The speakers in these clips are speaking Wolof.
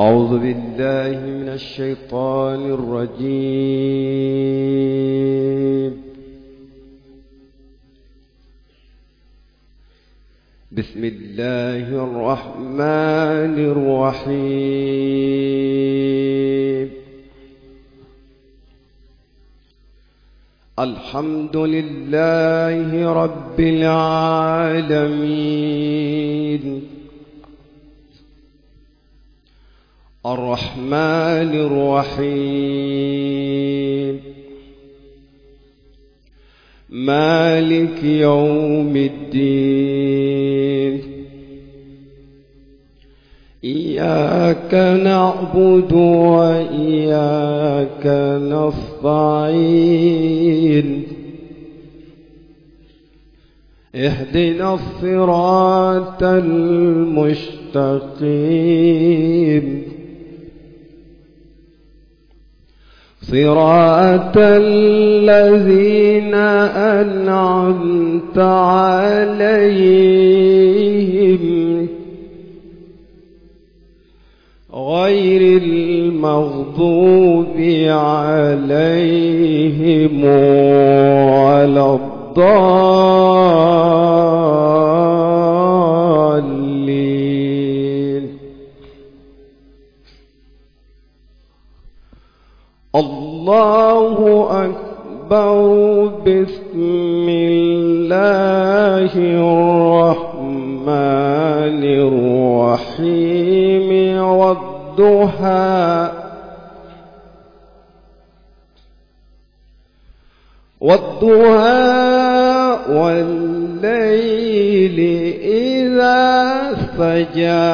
أعوذ بالله من الشيطان الرجيم بسم الله الرحمن الرحيم الحمد لله رب العالمين الرحمن الرحيم مالك يوم الدين إياك نعبد وإياك نستعين اهدنا الصراط المستقيم صراط الذين أنعمت عليهم غير المغضوب عليهم ولا الضالين الله أكبر بسم الله الرحمن الرحيم والضحى والضحى والليل إذا سجى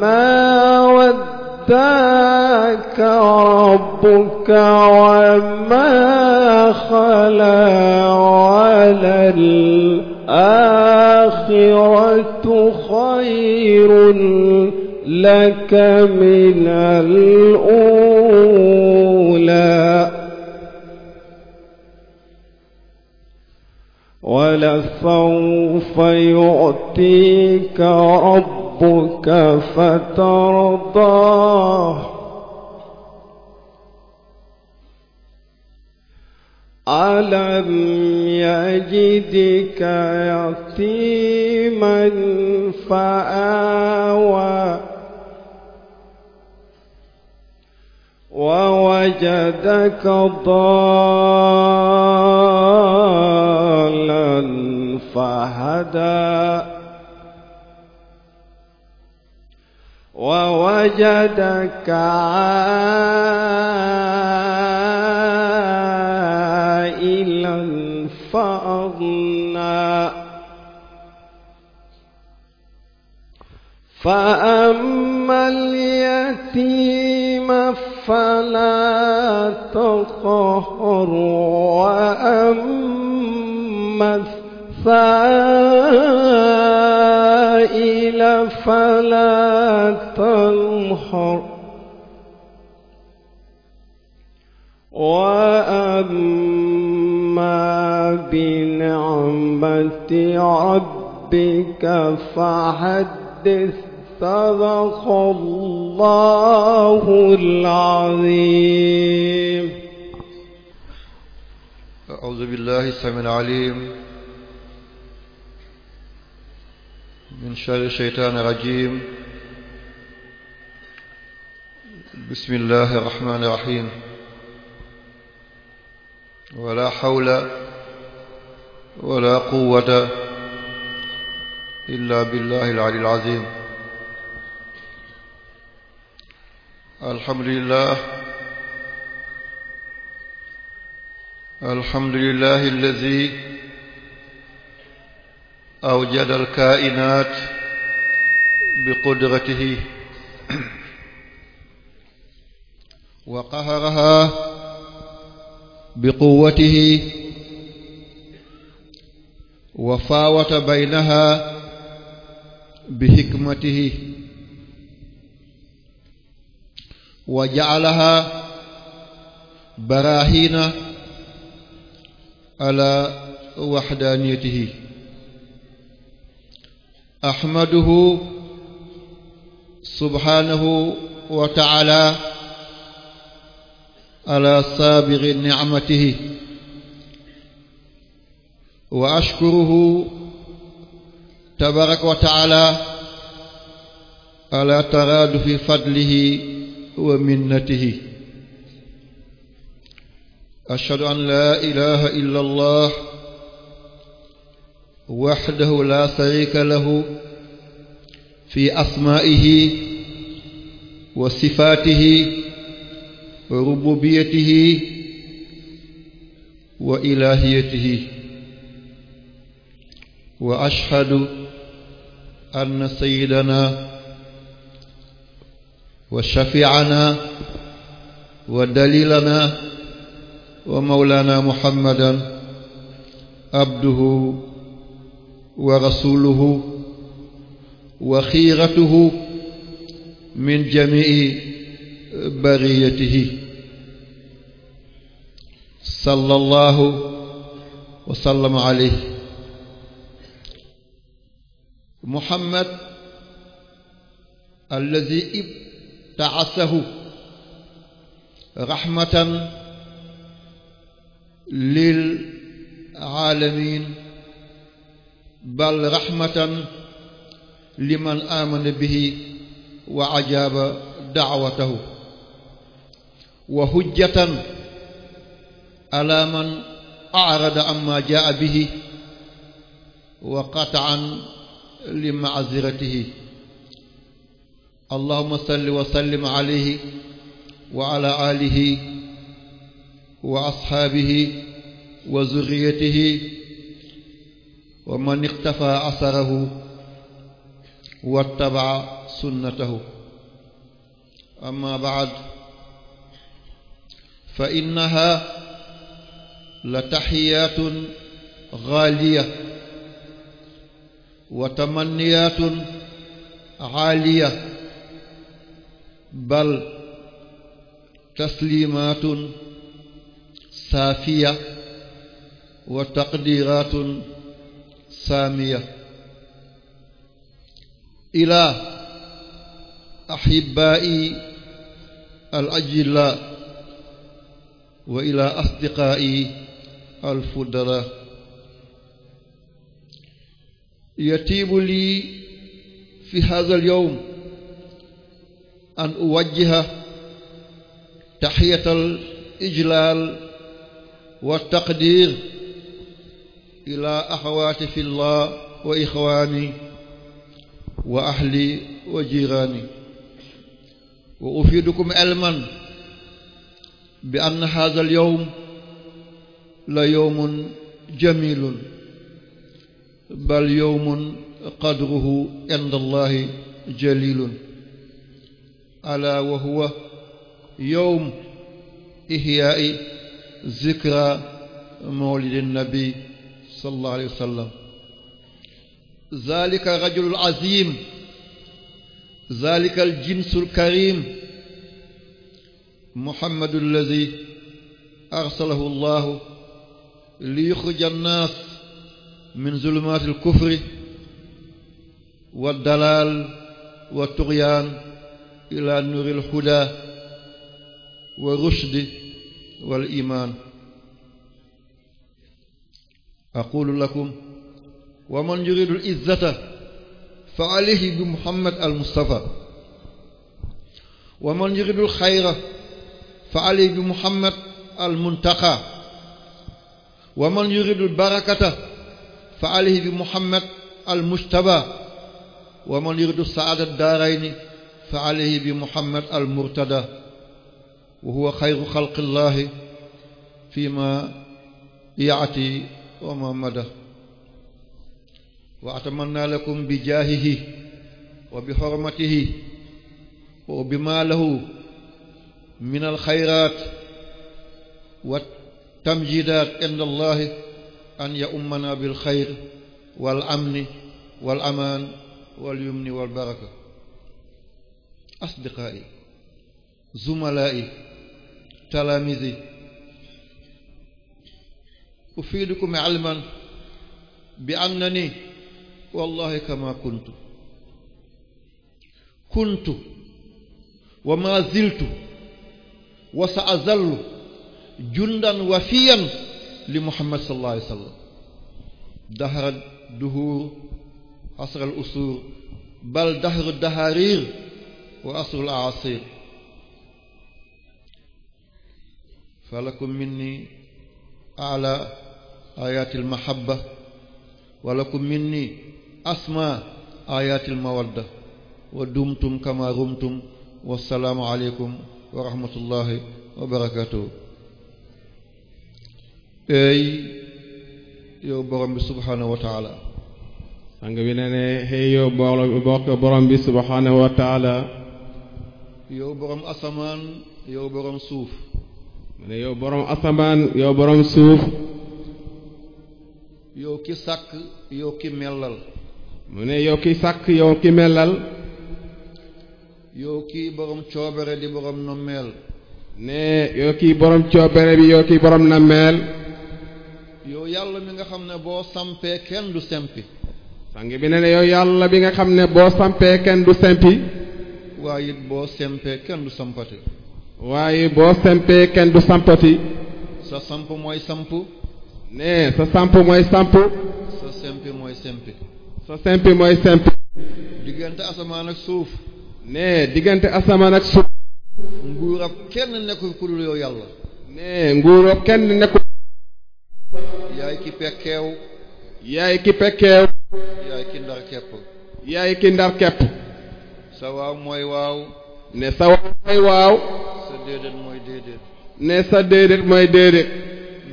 ما ود اتاك ربك وما خلا على الآخرة خير لك من الأولى ولسوف يعطيك ربك ربك فترضاه ألم يجدك يتيما فآوى ووجدك ضالا فهدى ووجدك عائلا فأغنى فأما اليتيم فلا تقهر وأما الثاني السبيل فلا تنحر وأما بنعمة ربك فحدث صدق الله العظيم أعوذ بالله السميع العليم من شر الشيطان الرجيم بسم الله الرحمن الرحيم ولا حول ولا قوة إلا بالله العلي العظيم الحمد لله الحمد لله الذي أوجد الكائنات بقدرته وقهرها بقوته وفاوت بينها بحكمته وجعلها براهين على وحدانيته أحمده سبحانه وتعالى على سابغ نعمته وأشكره تبارك وتعالى على ترادف فضله ومنته أشهد أن لا إله إلا الله وحده لا شريك له في أسمائه وصفاته وربوبيته وإلهيته وأشهد أن سيدنا وشفيعنا ودليلنا ومولانا محمدا عبده wa rasuluhu wa xiiratuhu min jamii bariyatihi sallallahu wa sallama alayhi muhammad alladi ibtaasahu rahmatan lil aalamin bal rahmatan liman amana bihi wa ajaba da'watahu wa hujjatan ala man a'rada amma jaa bihi wa qat'an li ma'ziratihi allahumma salli wa sallim alayhi wa ala alihi wa ashaabihi wa zurriyatihi wa man iqtafa asarahu wattaba sunnatahu amma baad fa innaha la taxiyatun xaaliya wa tamanniyatun xaaliya bal taslimatun saafiya wa taqdiratun سامية إلى أحبائي الأجلاء وإلى أصدقائي الفضلاء يتيب لي في هذا اليوم أن أوجه تحية الإجلال والتقدير ilaa axawaati fi llah wa ixwaani wa ahli wa jiraani wa ufiidukum elman bi ann hadha al yowm la yowmun jamilun bal yowmun qadruhu inda allahi jalilun ala wa huwa yowm ihyaa'i zikra mawlidin nabi sallallahu alayhi wa sallam zalika rajulul azim zalika al jinsul karim muhammadu allazi arsalahu allahu li yuxrija annaas min zulumaati al kufri wa dalaal wa tugyaan ila nuuril huda wa rushdi wal imaan aqulu lakum wa man yuridu al izzata fa alayhi bi muhammad al mustafa wa man yuridu al xayra fa alayhi bi muhammad al muntaqa wa man yuridu al barakata fa alayhi bi muhammad al mujtaba wa man yuridu saada daarayni fa alayhi bi muhammad al murtada wa huwa xayru xalqillahi fi ma yaati wa muhammada wa atamanna lakum bi jaahihi wa bi xormatihi wa bi maa lahu min alxayraat wa tamjidaat inda allahi an ya ummana bil xayr wal amni wal amaan wal yumni wal baraka asdiqaa'i zumalaa'i talaamizi أفيدكم علما بأنني والله كما كنت كنت وما زلت وسأظل جندا وفيا لمحمد صلى الله عليه وسلم دهر الدهور عصر الأسور بل دهر الدهارير وعصر الأعاصير فلكم مني أعلى ayatil mahabba walakum minni asma ayatil mawadda wa dumtum kama rumtum wassalaamu aleykum wa rahmatullahi wa barakatuhu eey yow borom bi subhaanahu wa taala sang bi ne ne xëy yow bokk borom bi subhaanahu wa taala yow borom asamaan yow borom suuf mu ne yow borom asamaan yow borom suuf yow ki sàkk yow ki mellal mu ne yow ki sàkk yow ki melal yow ki borom coobere di borom nommeel ne yow ki borom coobere bi yow ki borom nommeel yow yàlla mi nga xam ne boo sampee kenn du sempi sang bi ne ne yow yàlla bi nga xam ne boo sampee kenn du sempi waaye boo sempee kenn du sampati waaye boo sempee kenn du sampati sa samp mooy samp ne sa samp mooy samp. sa sempi mooy sempi. sa sempi mooy sempi. diggante asamaan ak suuf. ne diggante asamaan ak suuf. nguurab kenn nekkul ku dul yow yàlla. ne nguurab kenn nekkul. yaay ki pekkeew. yaay ki pekkeew. yaay ki ndar kepp. sa waaw mooy waaw. ne sa waaw mooy waaw. sa déedéet mooy déedéet. ne sa déedéet mooy déedéet.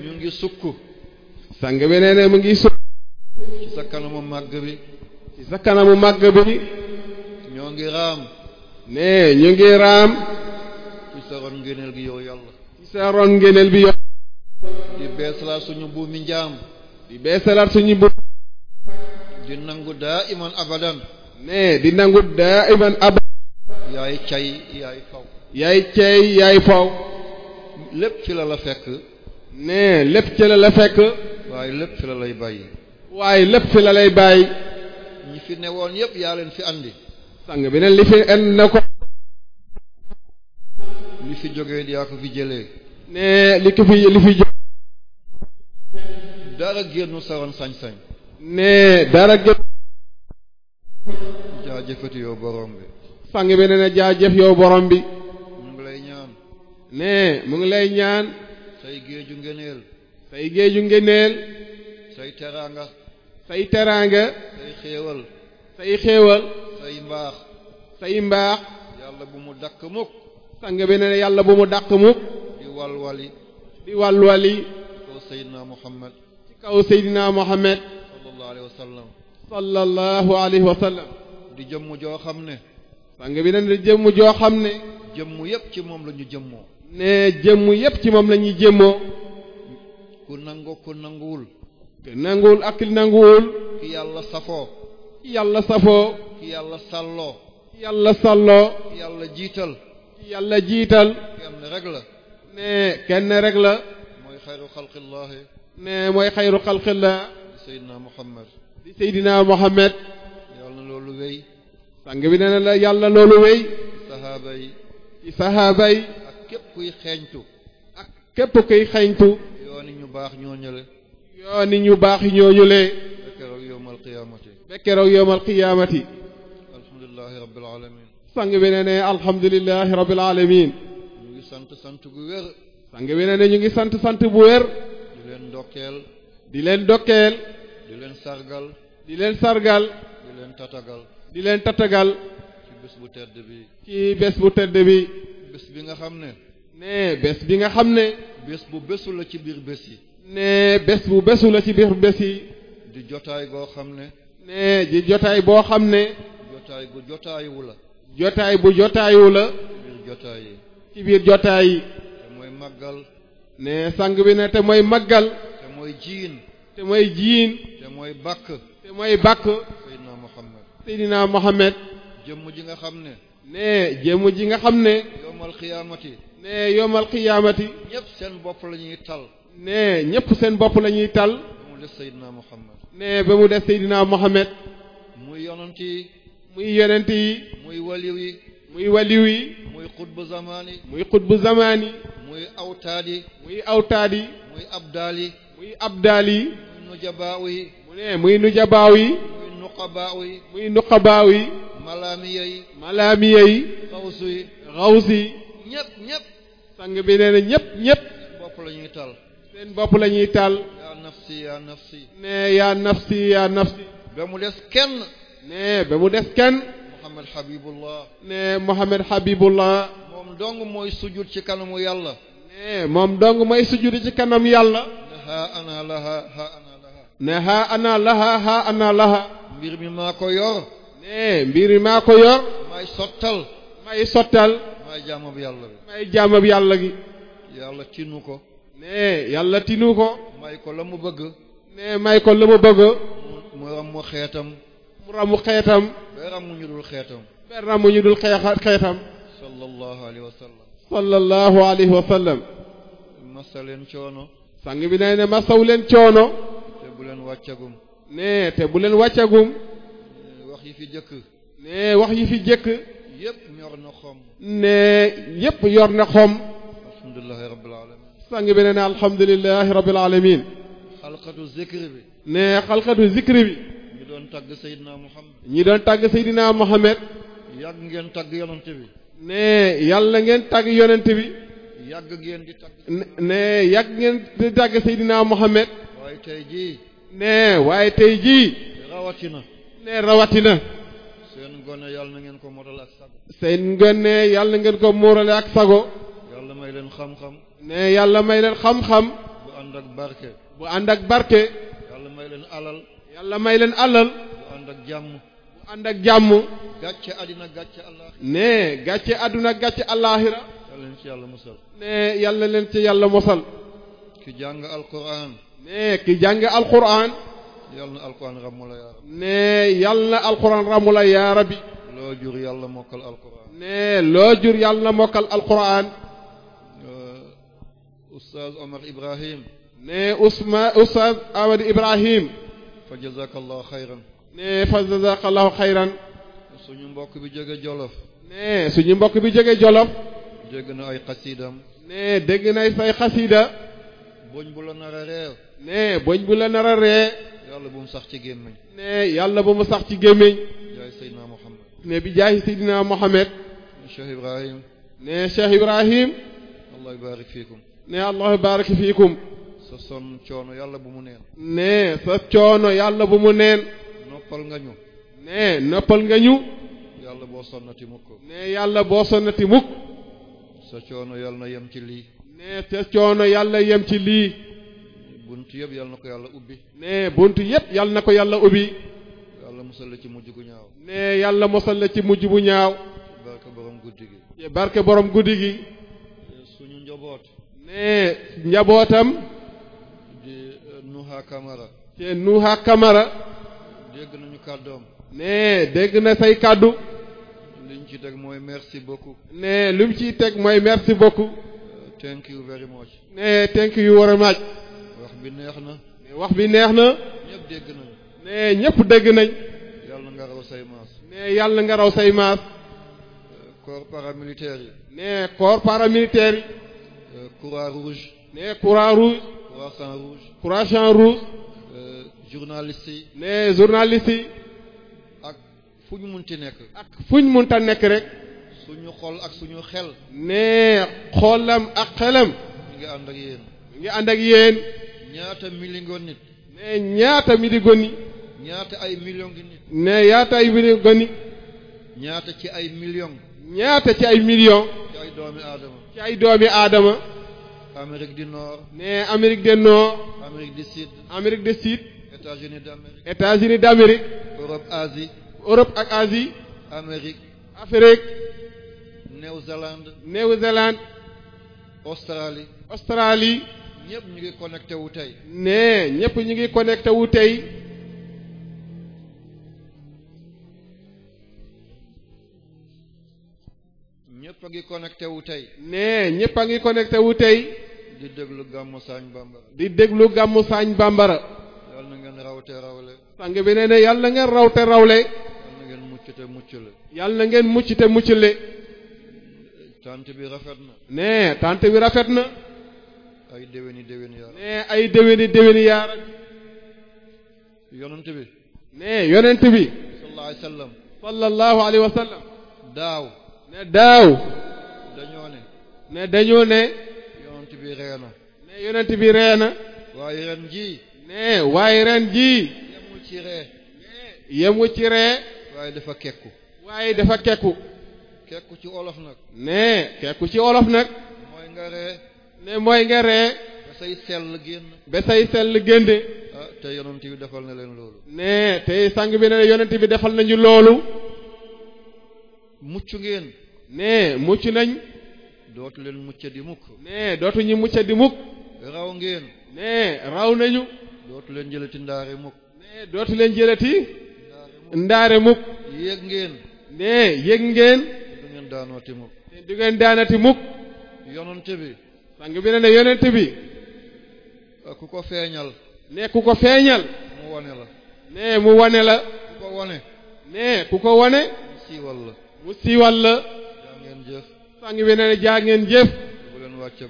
ñu ngi sukk. sang bi nee na mu ngi so ci sa kanamu màgg bi ci sa kanamu màgg bi ñoo ngi raam nee ñu ngi raam ci sa ron ngéneel gi yow yàlla ci sa ron ngéneel bi yow di beesalaat suñu buumi njaam di beesalaat suñu buumi di nangu daa iman abadan nee di nangu daa iman abadan yaay cay yaay faw lépp ci la la fekk nee lépp ci la fekk waaye lépp fi la lay bàyyi. waaye lépp fi la lay bàyyi. ñi fi newoon woon yëpp yaa leen fi andi. sang bi ne li fi en na ko. li fi jógee yaa ko fi jëlee. ne li ko fi li fi jógee. dara génnu sawoon sañ-sañ. ne dara génn. jaajëfati yow borom bi. sang bi ne na jaajëf yow borom bi. mu ngi lay ñaan. ne mu ngi lay ñaan. say géeju ngëneel. say géeju ngëneel say teraanga say teraanga say xéewal say xéewal mbaax say mbaax yàlla bu mu dakk mukk sang bi ne yàlla bu mu dakk mukk di walwali di walwali ci kaw Seydina Muhammad ci kaw Seydina Muhammad sallallahu alayhi wa di jëmm joo xam ne sang bi ne di jëmm joo xam ne jëmm yépp ci moom la ñu jëmmoo ne jëmm yépp ci moom lañuy jëmmoo ku nangoo ku nanguwul. te nanguwul ak nanguwul. ki yàlla safoo. yàlla safoo. ki yàlla salloo. yàlla ki yàlla jiital. ki yàlla jiital. kenn rek la. kenn rek la. mooy xayru xalqillahi. ne mooy xayru xalqillah. di Seydina Mohamed. di Seydina Mohamed. yàlla loolu wéy. sang bi nee yàlla loolu ak képp kuy xeeñtu. ak képp kuy xeeñtu. baax ñooñale yoo nit ñu baax ñooñale ba keroog yowmal qiyaamati ba keroog yowmal qiyaamati alhamdulillahi rabbil alamin sang bi ne ne alhamdulillahi rabbil alamin ñu ngi sant sant bu wér sang bi ne ne ñu ngi sant sant bu wér di leen ndokkeel di leen ndokkeel leen sargal di leen sargal di leen tatagal di leen tatagal ci bés bu tedd bi bés bi nga xam ne ne bés bi nga xam ne bés bu bésu la ci biir bés yi. ne bés bu bésu la ci biir bés yi. di jotaay goo xam ne. ne jotaay boo xam ne. jotaay bu jotaayu la. jotaay bu jotaayu la. biir jotaay yi. ci biir jotaay yi. mooy màggal. ne sang bi ne te mooy màggal. te mooy jiin. te mooy jiin. te mooy bàkk. te mooy bàkk. Seydina Mohamed. jëmm ji nga xam ne. ne jéemu ji nga xam ne. yomal xiyaamati. ne yomal xiyaamati. ñëpp seen bopp la ñuy tal. ne ñëpp seen bopp lañuy tal. ba mu des Seydina Mohamed. ne ba mu des Seydina Mohamed. muy yonent yi. muy yi. muy waliw yi. muy waliw yi. muy xutbu zamaani. muy xutbu zamaani. muy awtaadi. muy awtaadi. muy abdaali. muy muy nujabaaw yi. muy nujabaaw yi. muy nuqabaaw yi. muy nuqabaaw yi. malaamiya yi malaamiya yi xawsu yi xawsi yi ñëpp ñëpp sang bi nee na ñëpp ñëpp seen bopp la ñuy taal seen bopp la ñuy taal yaa nafsi yaa nafsi ne yaa ba mu des kenn ne ba mu des kenn Mohamed Habibullah ne Mohamed Habibullah dong mooy sujud ci kanamu yàlla ne dong mooy sujud ci kanam yàlla ne mbir mi maa ko yor nee eh, mbir yi maa ko yor. may sottal. may sottal. may jaamab yàlla bi. may jaamab yàlla gi. yàlla tinu ko. nee yàlla tinu ko. may ko la mu bëgg. nee may ko la mu bëgg. mu mu xeetam. mu ràmmu xeetam. ba ràmmu ñu dul xeetam. ba ràmmu ñu dul xeexa xeetam. sallallahu alayhi wa sallam. sallallahu alayhi leen coono. sang bi nee na masaw leen coono. te bu leen wàccagum. nee te bu leen wàccagum. fi jëkk ne wax yi fi jëkk yépp yor na xom ne yépp yor na xom alhamdulillahi rabbil alamin sàng bi alamin xalqatu zikri bi ne xalqatu zikri bi ñi doon tàgg Seydina Muhammad ñi doon tàgg Seydina Muhammad yàgg ngeen tàgg yonent ne yàlla ngeen tàgg yonent bi yàgg ngeen di tàgg ne yàgg ngeen di tàgg Seydina Muhammad waaye tey jii ne rawatina ne rawatina. seen gone yàlla na ngeen ko moral ak sago. seen gone yàlla ngeen ko morale ak sago. yàlla may leen xam-xam. yàlla may leen xam-xam. bu ànd ak barke. bu ànd ak barke. yàlla may leen alal. yàlla may leen alal. bu ànd ak jàmm. bu ànd ak jàmm. gàcce àddina gàcce àdduna gàcce àllaaxira. yàlla leen ci yàlla mosal. leen ci yàlla mosal. ki jàng alquran. ne ki jàng alquran. yal na alquran ràmm la yaa rabbi. nee loo jur yal na mokkal alquran. nee loo jur yal na mokkal alquran. Oustaz uh, Omar Ibrahim. nee Ousma Oustaz Ahmed Ibrahim. fa jazakallahu xayran. nee suñu mbokk bi jóge Jolof. nee suñu mbokk bi jóge Jolof. dégg na ay xasiidam. nee dégg na ay say xasiida. bu la nar a réer. nee boñ bu la nar a réer. yàlla bu mu sax ci gémmiñ. ne yàlla bu mu sax ci gémmiñ. jaay Seydina Mohamed. ne bi jaay Seydina Mohamed. ne Cheikh Ibrahim. ne Cheikh Ibrahim. allah yubaarik fiikum. ne allah sa son coono yàlla bu mu neen. ne coono yàlla bu mu neen. noppal nga ñu. ne noppal nga ñu. yàlla boo sonnati mukk. yàlla boo sonnati mukk. sa coono yàlla yem ci lii. ne sa coono yàlla yem ci lii. bunt yëpp yal na ko yàlla ubbi. ne bunt yëpp yal na ko yàlla ubbi. yàlla mosal la ci mujj bu ñaaw. ne yàlla mosal la ci mujj bu ñaaw. barke borom guddi gi. barke borom guddi gi. suñu njaboot. ne njabootam. Eh, Nuha Kamara. te Nuha Kamara. dégg nañu kàddoom. ne dégg na say kàddu. liñ ci teg mooy merci beaucoup. ne lim ciy teg mooy merci beaucoup. Eh, bi neex na. wax bi neex na. dégg nañ. ñëpp dégg nañ. yàlla nga raw say yàlla nga raw say maas. Euh, corps ne corps paramilitaire yi. Euh, croix rouge. ne croix rouge. croissant rouge. croissant euh, journaliste yi. ne journaliste yi. ak fu ñu munti nekk. ak fuñ munta nekk rek. suñu xol ak suñu xel. ne xolam ak xelam. mi ngi ànd ak yéen. ñaata million nit. ne ñaata miligoni. ñaata ay million ngi nit. ne yaata ay miligoni. ñaata ci ay million ñaata ci ay million ci ay doomi aadama. ci ay doomi aadama. Amérique du Nord. ne Amérique du Sud. Amérique du Sud. États-Unis d'Amérique. Europe Asie. Europe ak Asie. Amérique. Afrique. Nouvelle-Zélande. Australie. Australie. ñëpp ñu ngi connecté wu tey. nee ñëpp ñu ngi connecté wu tey. ñëpp a ngi connecté wu tey. nee ñëpp a ngi connecté wu tey. di déglu gàmmu Sagne Bambara. di déglu gàmmu saañ Bambara. yàlla na ngeen rawte rawle. sang bi nee na yàlla na ngeen rawte rawle. yàlla na ngeen mucc te mucc le. yàlla na ngeen mucc te mucc le. tante bi rafet na. nee tante bi rafet na. ay déwéni déwéni yaar. nee ay déwéni déwéni yaar. yonent bi. nee yonent bi. sallallahu alayhi wa sallam. daaw. ne daaw. dañoo ne. ne dañoo ne. yonent bi ree na. ne yonent bi ree na. waaye ren jii. nee waaye ren jii. yemul ci ree. waaye dafa kekku. waaye dafa kekku. kekku ci olof nag. nee kekku ci olof nag. mooy nga ree. ne mooy nga ree ba say sell génn ba say sell génde ah, te yonent bi defal na leen loolu ne te sang bi ne yonent bi defal nañu loolu mucc ngeen ne mucc nañ dootu leen mucc di mukk ne dootu ñu di mukk raw ngeen ne raw nañu dootu leen jëlati ndaare mukk ne dootu leen jëlati ndaare mukk yéeg ngeen ne yëg ngeen du ngeen daanooti mukk du ngeen daanati mukk yonent bi sang bi ne ne yonent bi. ku ko feeñal. ne ku ko feeñal. mu wane la. ne mu wane la. ku ko wane. ne ku ko wane. mu siiwal la. mu siiwal la. jaa ngeen jëf. sang bi ne ne jaa jëf. te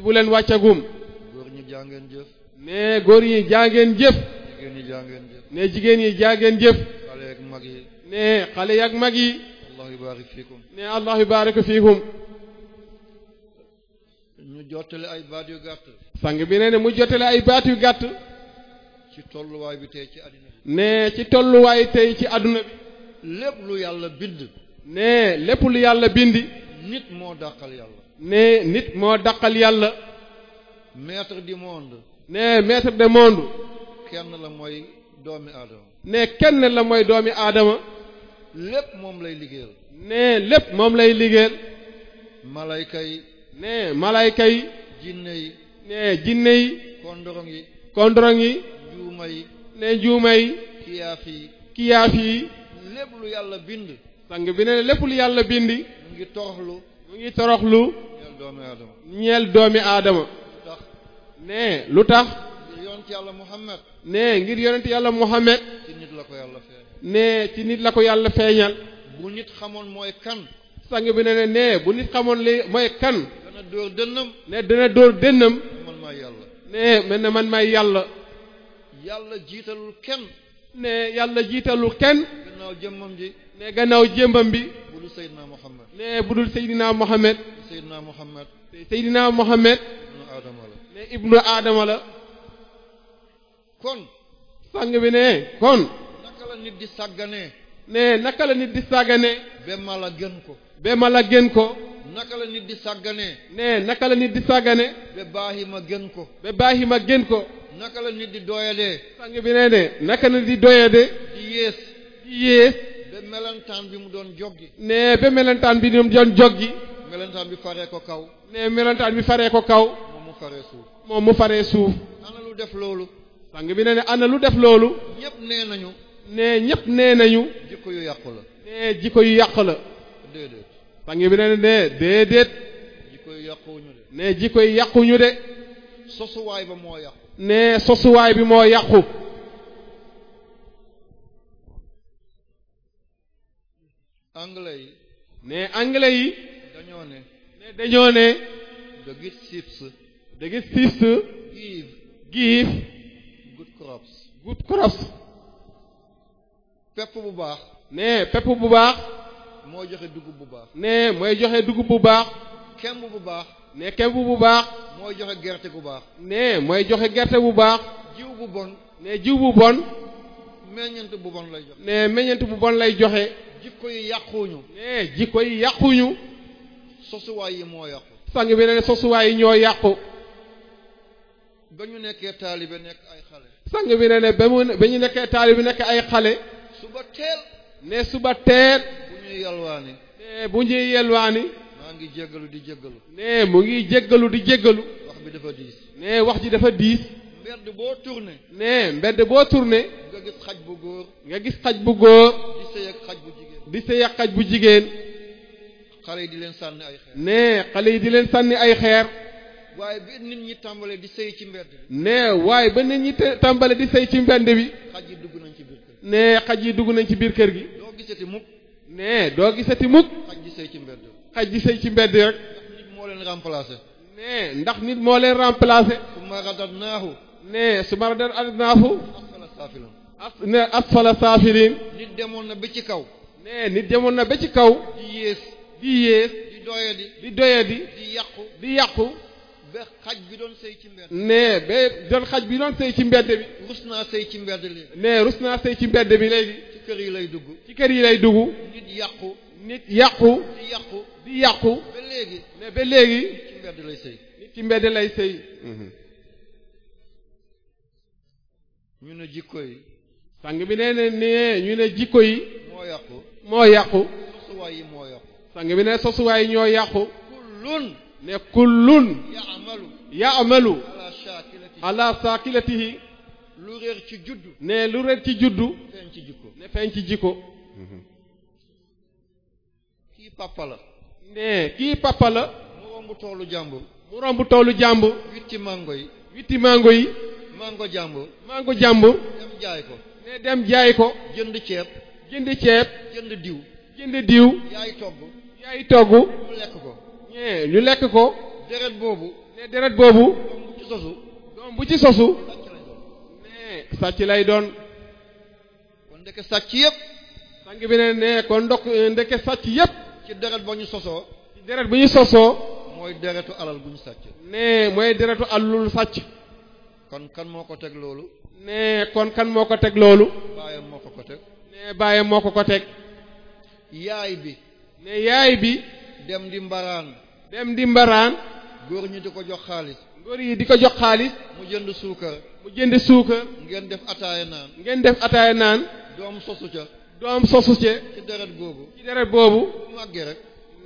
bu leen wàccagum. te bu leen jëf. ne góor ñi jaa ngeen jëf. jigéen ñi jaa ngeen jëf. ne jigéen ñi jaa ngeen jëf. xale yak mag yi. ne xale yak mag yi. ne allahu barik fiikum. jottale ay baat yu gàtt. sang bi nee mu jottale ay baat yu gàtt. ci tolluwaay bi tey ci àdduna bi. nee ci tolluwaay tey ci àdduna bi. lépp lu yàlla bind. nee lépp lu yàlla bindi. nit moo daqal yàlla. nee nit moo daqal yàlla. maître du monde. nee maître du monde. kenn la mooy doomi aadama. nee kenn la mooy doomi aadama. lépp moom lay liggéeyal. nee lépp moom lay liggéeyal. malayka yi. ne malayka yi jinne yi ne jinne yi kondorong yi kondorong yi njuuma yi yi kiyaaf yi kiyaaf yi lépp lu yàlla bind sang bi ne lépp lu yàlla bind mu ngi toroxlu mu ngi ñeel doomi aadama ñeel doomi aadama ne lu tax yonent yàlla Muhammad ne ngir yonent yàlla Muhammad ci la ko yàlla ci nit la ko yàlla feeñal bu nit xamoon mooy kan sang bi ne ne bu nit xamoon li mooy kan dóor dënnam. ne dana dóor dënnam. yàlla. ne mel na man maay yàlla. yàlla jiitalul kenn. ne yàlla jiitalul kenn. gannaaw jëmmam ji. ne gannaaw jëmbam bi. budul Seydina Mohamed. ne budul Seydina Mohamed. Seydina Mohamed. Seydina Mohamed. la. ne ibnu Adama la. kon. sang bi ne kon. naka la nit di sàgganee. ne naka la nit di sàgganee. bemma la gën ko. bemma la gën ko. naka la nit di sàgganee. nee naka la nit di sàgganee. ba baaxi ma gën ko. ba baaxi ma gën ko. naka la nit di doyadee. sang bi nee ne naka la nit di doyadee. di yées. di yées. ba melentaan bi mu doon joggi. nee ba melentaan bi mu doon joggi. melentaan bi faree ko kaw. nee melentaan bi faree ko kaw. moom mu faree suuf. moom mu faree suuf. ana lu def loolu. sang bi nee ne ana lu def loolu. ñëpp nee nañu. nee ñëpp nee nañu. jikko yu yàqu la. nee jikko yu yàqu la. sangi bi ne nee déedéet jikkoy yàquñu de yàquñu de sosuwaay ba moo yàqu ne sosuwaay bi moo yàqu anglais yi nee anglais yi dañoo ne nee dañoo ne the good crops good crops pepp bu baax nee pepp bu baax moo joxe dugub bu baax. nee mooy joxe dugub bu baax. kemb bu baax. ne kemb bu baax. mooy joxe gerte bu baax. ne mooy joxe gerte bu baax. jiw bu bon. ne jiw bu bon. meññeent bu lay joxe. ne meññeent bu bon lay joxe. jikko yi yàquñu. ne jikko yi yàquñu. sosuwaay yi moo yàqu. sang bi ne sosuwaay yi ñoo yàqu. ba ñu nekkee taalibe nekk ay xale. sang bi ne ne ba mu ba ñu nekkee taalibe nekk ay xale. suba teel. ne suba teel. ñuy yalwaani. nee bu ñuy yalwaani. maa ngi jéggalu di jéggalu. nee mu ngi jéggalu di jéggalu. wax bi dafa diis. nee wax ji dafa diis. mbedd boo tourné. nee mbedd boo tourné. nga gis xaj bu góor. nga gis xaj bu góor. di sëy ak xaj bu jigéen. di sëy xaj bu jigéen. xale yi di leen sànni ay xeer. nee xale yi di leen sànni ay xeer. waaye ba nit ñi tàmbalee di sëy ci mbedd bi. nee waaye ba nit ñi tàmbale di sëy ci bi. xaj yi dugg nañ ci biir kër gi. nañ ci biir kër gi. ne doo gisati mukk xaj di sëy ci mbedd xaj di sëy ci mbedd rek nit moo leen remplacer ne ndax nit moo leen remplacer suma radat naahu ne suma radat ad naahu asfala saafilin ne nit demoon na ba ci kaw ne nit demoon na ba ci kaw di yées di yées di doyadi di doyadi di yàqu di yàqu ba xaj bi doon sëy ci mbedd ne doon xaj bi doon sëy ci mbedd bi rus naa sëy ci mbedd léegi naa sëy ci mbedd bi léegi kër yi lay dugg. ci kër yi lay dugg. nit yàqu. nit yàqu. di yàqu di yàqu. ba léegi mais ba léegi. ci mbedd lay sëy. nit ci sëy. Mhm. ñu ne jikko sang bi nee na nee ñu ne jikko yi. moo yàqu. moo yàqu. sosuwaay yi moo sang bi ne sosuwaay yi ñoo yàqu. kullun. ne kullun. yaamalu. yaamalu. ala saakilatihi. lu réer ci juddu. ne lu réer ci juddu. ne ci jikko ne feeñ ci jikko. Mhm. kii papa la. ne kii papa la. mu romb toolu jàmbur. mu romb toolu jàmbur. witti mango yi. witti mango yi. mango jàmbur. mango jàmbur. dem jaay ko. ne dem jaay ko. jënd ceeb. jënd ceeb. jënd diw. jënd diw. yaay togg. yaay togg. ñu lekk ko. deret boobu. ne deret boobu. doom bu ci sosu. sàcc lay doon. kon ndeke sàcc yëpp. sang bi ne ne kon ndok ndeke sàcc yëpp. ci deret boo ñu sosoo. ci deret bu ñu sosoo. mooy deretu alal bu ñu sàcc. ne mooy deretu alul sàcc. kon kan moo ko teg loolu. ne kon kan moo ko teg loolu. baayam moo ko ko teg. ne baayam moo ko ko teg. yaay bi. ne yaay bi. dem di mbaraan. dem di mbaraan. góor ñi di ko jox xaalis. góor yi di ko jox xaalis mu jënd suukar mu jënd suukar ngeen def ataaya naan ngeen def ataaya naan doom sosu ca doom sosu ca ci deret boobu boobu màggee rek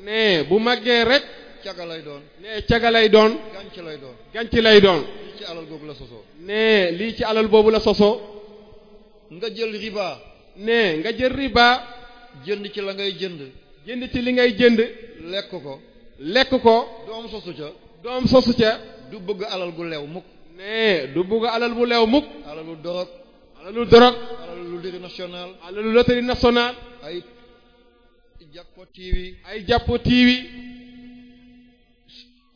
nee bu màggee rek caga doon nee caga doon gànc lay doon gànc lay doon ci alal boobu la sosoo nee lii ci alal boobu la sosoo nga jël riba nga jël riba jënd ci la ngay jënd jënd ci li ngay jënd lekk ko lekk ko doom sosu ca doom sosu ca du bëgg alal bu lew mukk nee du bëgg alal bu leew mukk alalu dorog alalu dorog alalu loterie nationale alalu loterie nationale ay jàppo tiiwi ay jàppo tiiwi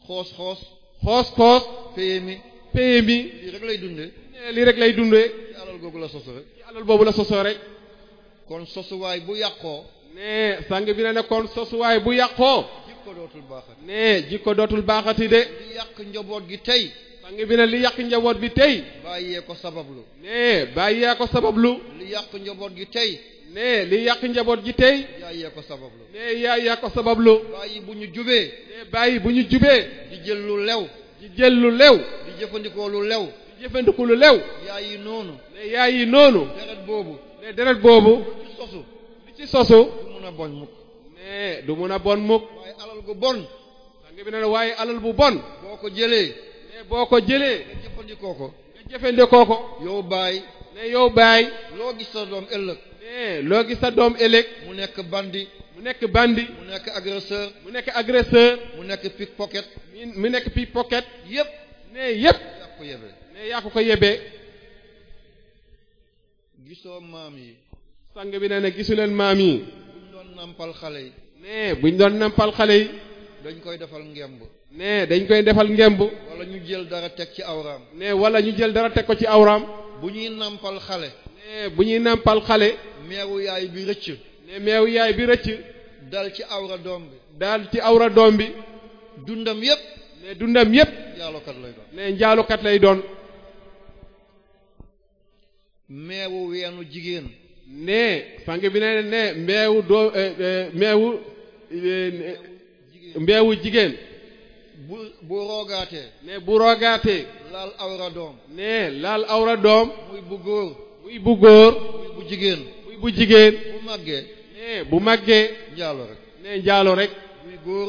xoos xoos xoos xoos PMI PMI lii rek lay dundee nee lii rek lay dundee ci alal googu la soso rek ci boobu la soso rek kon sosuwaay bu yàqoo nee sàng bi na ne kon sosuwaay bu yàqoo jikko dootul baaxati. nee jikko dootul baaxati de. li yàq njaboot gi tey. sang bi ne li yàq njaboot bi tey. bàyyee ko sabablu. nee bàyyee ko sabablu. li yàq njaboot gi tey. nee li yàq njaboot ji tey. yaayee ko sabablu. nee yaayee ko sabablu. bàyyi bu ñu jubee. nee bàyyi bu ñu jubee. di jël lu lew. di jël lu lew. di jëfandikoo lu lew. di jëfandikoo lu lew. yaay yi noonu. nee yaay yi noonu. deret boobu. nee deret boobu. li ci sosu. li ci sosu. du mun a bon mukk. gu bon sang bi nee na waaye alal bu bon boo ko jëlee mais boo ko jëlee nga jëfandikoo ko nga jëfandikoo ko yow baay mais yow baay loo gis sa doom ëllëg loo gis sa doom ëllëg mu nekk bandi mu nekk bandi mu nekk agresseur mu nekk agresseur mu nekk pickpocket mu nekk pickpocket yépp mais yépp yaa ko yebee mais yaa ko ko yebee gisoo maam yi sang bi na na gisuleen maam yi yi bu buñ doon nampal xale yi. dañ koy defal ngemb. ne dañ koy defal ngemb. walla ñu jël dara teg ci awram ne wala ñu jël dara teg ko ci awram bu ñuy nampal xale. bu ñuy nampal xale. meewu yaay bi rëcc. ne meewu yaay bi rëcc. dal ci awra doom bi. dal ci awra doom bi. dundam yépp. ne dundam yépp. njaalokat lay doon. ne njaalokat lay doon. meewu weenu jigéen. ne fànn bi ne ne meewu doo eh, eh, meewu. mbeewu jigéen bu bu roogaatee ne bu roogaatee laal awra doom ne laal awra doom muy bu góor muy bu góor muy jigéen bu jigéen bu màggee ne bu màggee njaalo rek ne njaalo rek buy góor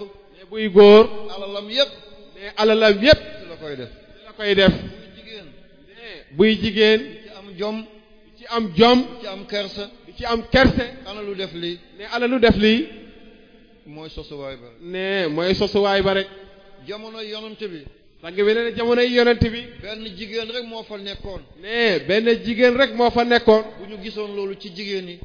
buy góor alalam yépp ne alalam yépp ci la koy def ci la koy def buy jigéen ne am jom ci am jom ci am kersa ci am kerse ana def li ne ana def lii mooy sosuwaay ba. nee mooy sosuwaay ba rek. jamono yonent bi. sànq bi jamono yi yonent bi. benn jigéen rek moo fa nekkoon. nee benn jigéen rek moo fa nekkoon. bu ñu gisoon loolu ci jigéen yi.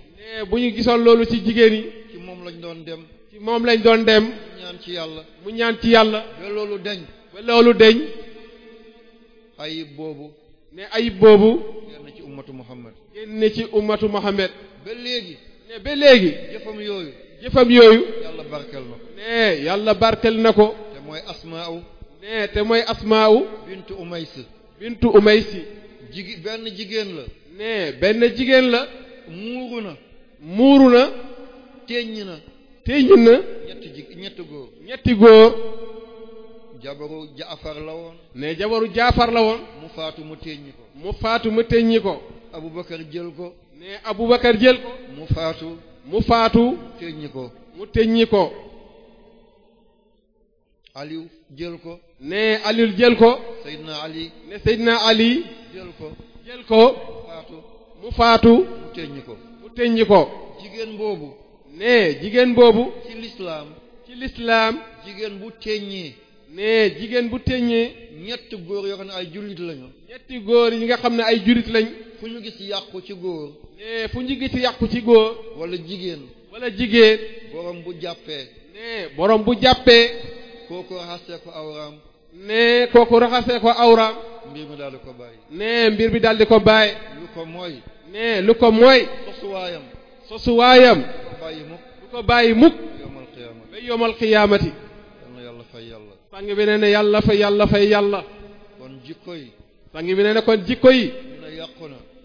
bu ñu gisoon loolu ci jigéen yi. ci moom lañ doon dem. ci moom lañ doon dem. mu ñaan ci yàlla. bu ñaan ci yàlla. ba loolu deñ. ba deñ. ayib boobu. ne ayib boobu. génn ci umatu Muhammad. génn ci ummatu Muhammad. ba léegi. ne ba léegi. jëfam yooyu. jëfam yooyu. yàlla nee yàlla barkel na ko. te mooy asmaaw. nee te mooy asmaaw. bintu umaysi. bintu umaysi. jigi benn jigéen la. nee benn jigéen la. muuru na. muuru na. teññ na. teññ na. ñetti ji ñetti góor. ñetti góor. jabaru jaafar la woon. nee jabaru jaafar la woon. mu faatu mu teññ ko. mu faatu mu teññ ko. Abubakar jël ko. nee Abubakar jël ko. mu faatu. mu faatu teññi ko mu teññi ko aliw jël ko ne aliw jël ko Seydina Ali ne Seydina Ali jël ko jël ko faatu mu faatu mu ko mu jigéen boobu ne jigéen boobu ci lislaam ci lislaam jigéen bu teññee ne jigéen bu teññee ñetti góor yoo xam ne ay jullit lañu ñetti góor yi nga xam ne ay jullit lañ fu ñu gis yàqu ci góor. ne fu ñu gis yàqu ci góor. walla jigéen. walla jigéen. borom bu jàppee. ne borom bu jàppee. kooku raxasee ko awraam. ne kooku raxasee ko awraam. mbir mi daal di ko bàyyi. ne mbir mi daal di ko bàyyi. lu ko mooy. ne lu ko mooy. sosuwaayam. sosuwaayam. lu ko bàyyi mukk. lu ko bàyyi mukk. yomal qiyaamati. yàlla fay yàlla. sànq yàlla fay yàlla fay yàlla. kon jikko yi.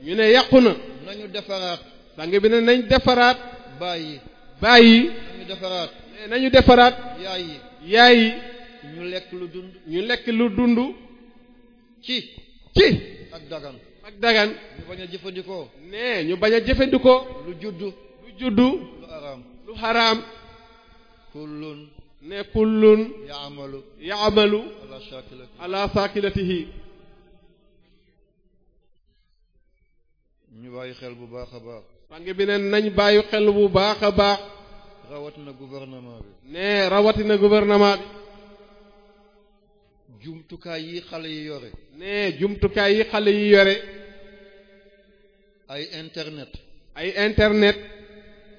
ñu ne yàqu na nañu defaraat sang bi ne nañ defaraat baay yi nañu defaraat nañu defaraat yaay ñu lekk lu dund ñu lekk lu dund ci ci ak dagan ak dagan ñu bañ a jëfandikoo nee ñu bañ a jëfandikoo lu judd lu judd lu haraam lu ne kullun yaamalu yaamalu ala saakilatihi ñu bàyyi xel bu baax a baax. sànq bi ne nañ bàyyi xel bu baax a baax. rawatina gouvernement bi. nee rawatina gouvernement bi. jumtukaay yi xale yi yore. nee jumtukaay yi xale yi yore. ay internet. ay internet.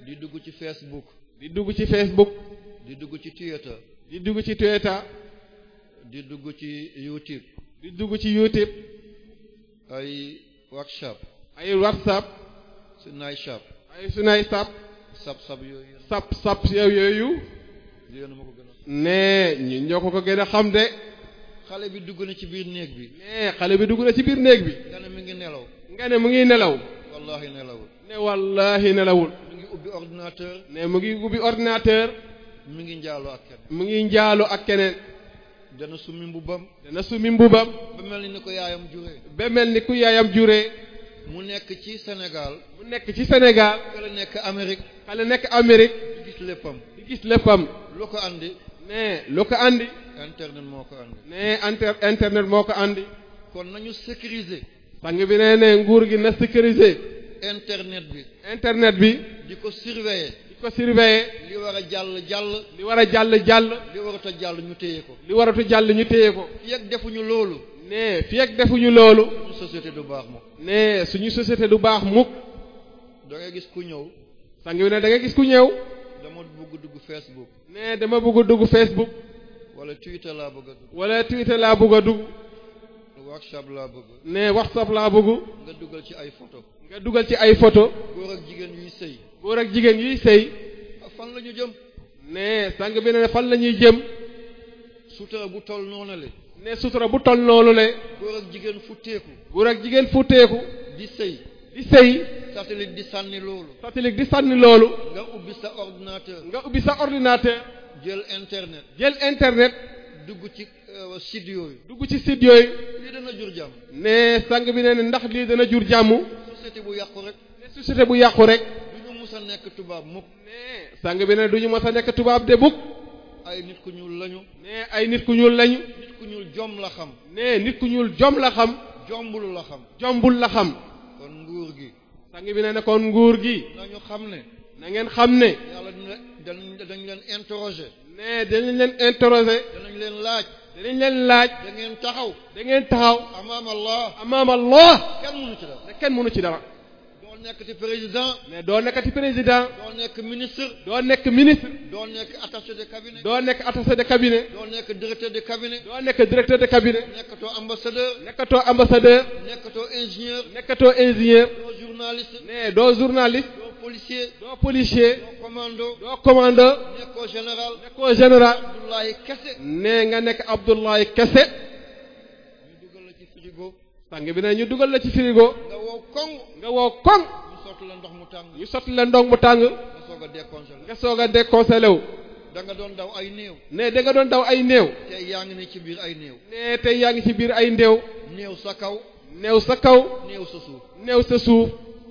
di dugg ci Facebook. di dugg ci Facebook. di dugg ci Twitter. di dugg ci Twitter. di dugg ci YouTube. di dugg ci YouTube. ay workshop. ay whatsapp sunaay sap ay sunaay sap sap sap yooyu sap sap yooyu nee ñu ñoo ko ko gën a xam de xale bi dugg na ci biir néeg bi nee xale bi dugg na ci biir néeg bi nga ne mu ngi nelaw nga ne mu ngi nelaw wallahi nelawul ne wallahi nelawul mu ngi ubbi ordinateur ne mu ngi ubbi ordinateur mu ngi njaaloo ak keneen ngi njaaloo ak keneen dana summi mbubam dana summi mbubam ba mel ni ku yaayam juree ba mel ni ku yaayam juree mu nekk ci Sénégal. mu nekk ci Sénégal. kala nekk Amérique. kala nekk Amérique. di gis léppam. di gis léppam. lu ko andi. nee lu ko andi. internet moo ko andi. nee inter internet moo ko andi. kon nañu sécuriser. sang bi nee ne nguur gi na sécuriser. internet bi. internet bi. di ko surveiller. di ko surveiller. li war a jàll jàll. li war a jàll jàll. li warut a jàll ñu téye ko. li warut a jàll ñu téye ko. fii ak defuñu loolu. ne fii ak defuñu loolu. suñu société baax mukk. ne suñu société du baax mukk. da ngay gis ku ñëw. sang bi ne da ngay gis ku ñëw. dama bëgg dugg Facebook. ne dama bëgg dugg Facebook. wala Twitter laa bëgg a wala Twitter laa bëgg a dugg. WhatsApp laa bëgg. ne WhatsApp nga dugal ci ay photo nga dugal ci ay photo ak jigéen yuy sëy. góor ak jigéen yuy sëy. Ah, fan la ñu jëm. ne sang bi ne fan la ñuy jëm. sutura bu toll noonu la. ne sutura bu toll noonu le góor ak jigéen fu teeku ak jigéen fu di sëy di sëy satellite di sànni loolu satellite di sànni loolu nga ubbi sa ordinateur nga ubbi sa ordinateur jël internet jël internet dugg ci euh, site yi dugg ci site yi lii dana jur jàmm ne sang bi nee ne ndax lii dana jur jàmm société bu yàqu rek ne société bu yàqu rek du ñu mës a nekk tubaab mukk ne sang bi ne du ñu mës a nekk tubaab de bukk ay nit ku ñuul lañu ne ay nit ku ñuul lañu ku ñuul xam. nee nit ku ñuul jom la xam. jombul la xam. jombul la xam. kon nguur gi. sang bi na ne kon nguur gi. nañu xam ne. na ngeen xam ne. yàlla dinañ dañ leen interroger. nee danañ leen interroger. danañ leen laaj. danañ leen laaj. da ngeen taxaw. da ngeen taxaw. amaam Allah. amaam Allah. kenn mënu ci dara. kenn mënu ci dara. doo nekkati président. mais doo nekkati président. doo nekk ministre. doo nekk ministre. doo nekk attaché de cabinet. doo nekk attaché de cabinet. doo nekk directeur de cabinet. doo nekk directeur de cabinet. nekkatoo ambassadeur. nekkatoo ambassadeur. nekkatoo ingénieur. nekkatoo ingénieur. doo journaliste. mais doo journaliste. doo policier. doo policier. doo commando. doo commando. nekkoo général. nekkoo général. Abdoulaye Kese. nee nga nekk Abdoulaye Kese. sang bi ne ñu dugal la ci frigo. nga woo koŋ. nga woo koŋ. ñu la ndox mu tàng. ñu sotti la ndox mu tàng. nga soog a décongelé. nga soog a décongelé wu. da doon daw ay néew. ne da nga doon daw ay néew. tey yaa ngi ni ci biir ay néew. ne tey yaa ngi ci biir ay néew. néew sa kaw. néew sa kaw. néew sa suuf. néew sa suuf.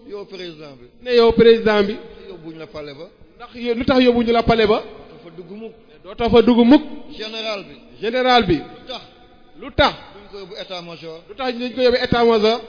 yow président bi. ne yow président bi. yóbbuñu la pale ba. ndax lu tax yóbbuñu la pale ba. doo tax fa dugg mukk. doo tax général bi. général bi. lu tax. ko yóbbu état major. lu tax dañ ko yóbbu état major.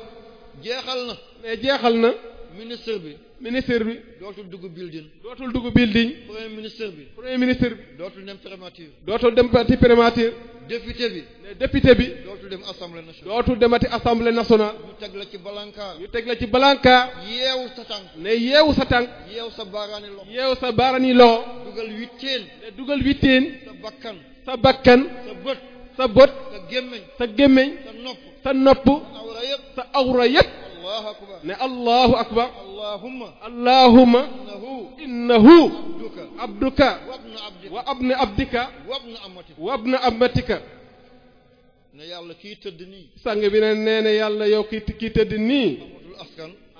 jeexal na. mais jeexal na. ministre bi. ministre bi. dootul dugg building. dootul dugg building. premier ministre bi. premier ministre bi. dootul dem primature. dootul dem parti primature. député bi. mais député bi. dootul dem assemblée nationale. dootul demati assemblée nationale. ñu teg la ci balankaar. ñu teg la ci balankaar. yeewu sa tànk. ne yeewu sa tànk. yeewu sa baaraani loxo. yeewu sa baaraani loxo. dugal huitaine. ne dugal huitaine. sa bakkan. sa bakkan. sa bët. sa bët sa gémmiñ sa gémmiñ sa nopp sa awra yépp ne allahu akbar allahumma innahu abduka wa abnu abdika wa abnu amatika ne yàlla kiy tëdd nii sang bi ne nee na yàlla yow ki kiy tëdd nii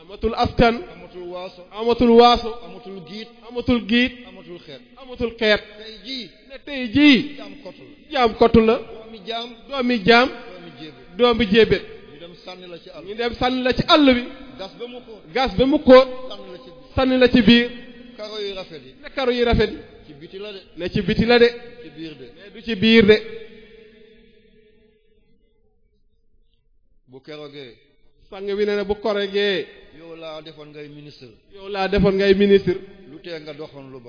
amatul askan amatul askan waaso amatul waaso amatul giit amatul giit amatul xeet la doomi jaam doomi jaam doomi jébbét ñu dem sànni la ci àll dem sànni la ci àll bi gas ba mu xóot gas ba mu xóot sànni la ci biir karo yu rafet yi ne karo rafet ci biti la de ne ci biti ci biir de ne du ci biir de bu kerogee sang bi ne ne bu korogee yow laa defoon ngay ministre yow laa defoon ngay ministre lu tee nga doxoon lu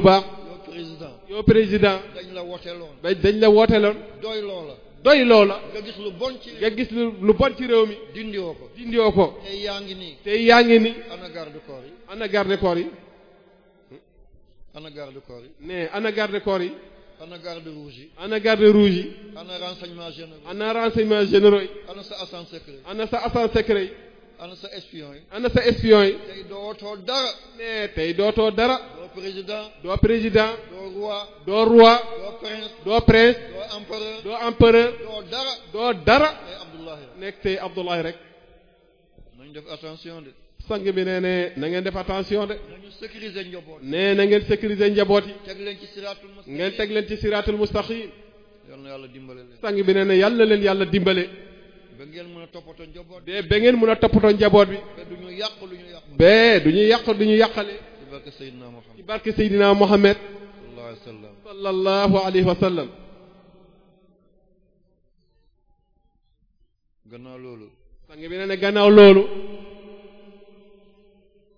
baax yow président dañ la wooteeloon ba dañ la wooteeloon doy loola doy loola nga gis lu bon ci nga gis lu bon ci réew mi dindiwoo ko dindiwoo ko tey yaa ngi nii tey yaa ngi nii ana garde corps yi ana garde corps yi ana garde corps yi ne ana garde corps yi ana garde rouge yi ana garde rouge yi ana renseignement généraux ana renseignement généraux yi ana sa agent secret ana sa agent secret yi ana sa espion yi. ana sa espion yi. dootoo dara. nee tey dootoo dara. doo président. doo doo roi. doo roi. doo prince. doo prince. doo empereur. doo dara. doo dara. tey Abdoulaye nekk tey Abdoulaye rek. def attention de. sang bi nee ne na ngeen def attention de. nañu sécuriser nee na ngeen sécuriser njaboot yi. teg leen ci siratul mustaqim. ngeen teg leen ci siratul mustaqim. yal na yàlla dimbale leen. sang bi nee ne yàlla na leen yàlla dimbale. ba ngeen mën a toppatoo njaboot bi ba ngeen mën a toppatoo njaboot bi ba du ñu yàq lu ñu yàq du ñu yàq du ñu yàqale ci barke Seydina Mohamed ci barke Seydina gannaaw loolu sang bi ne ne gannaaw loolu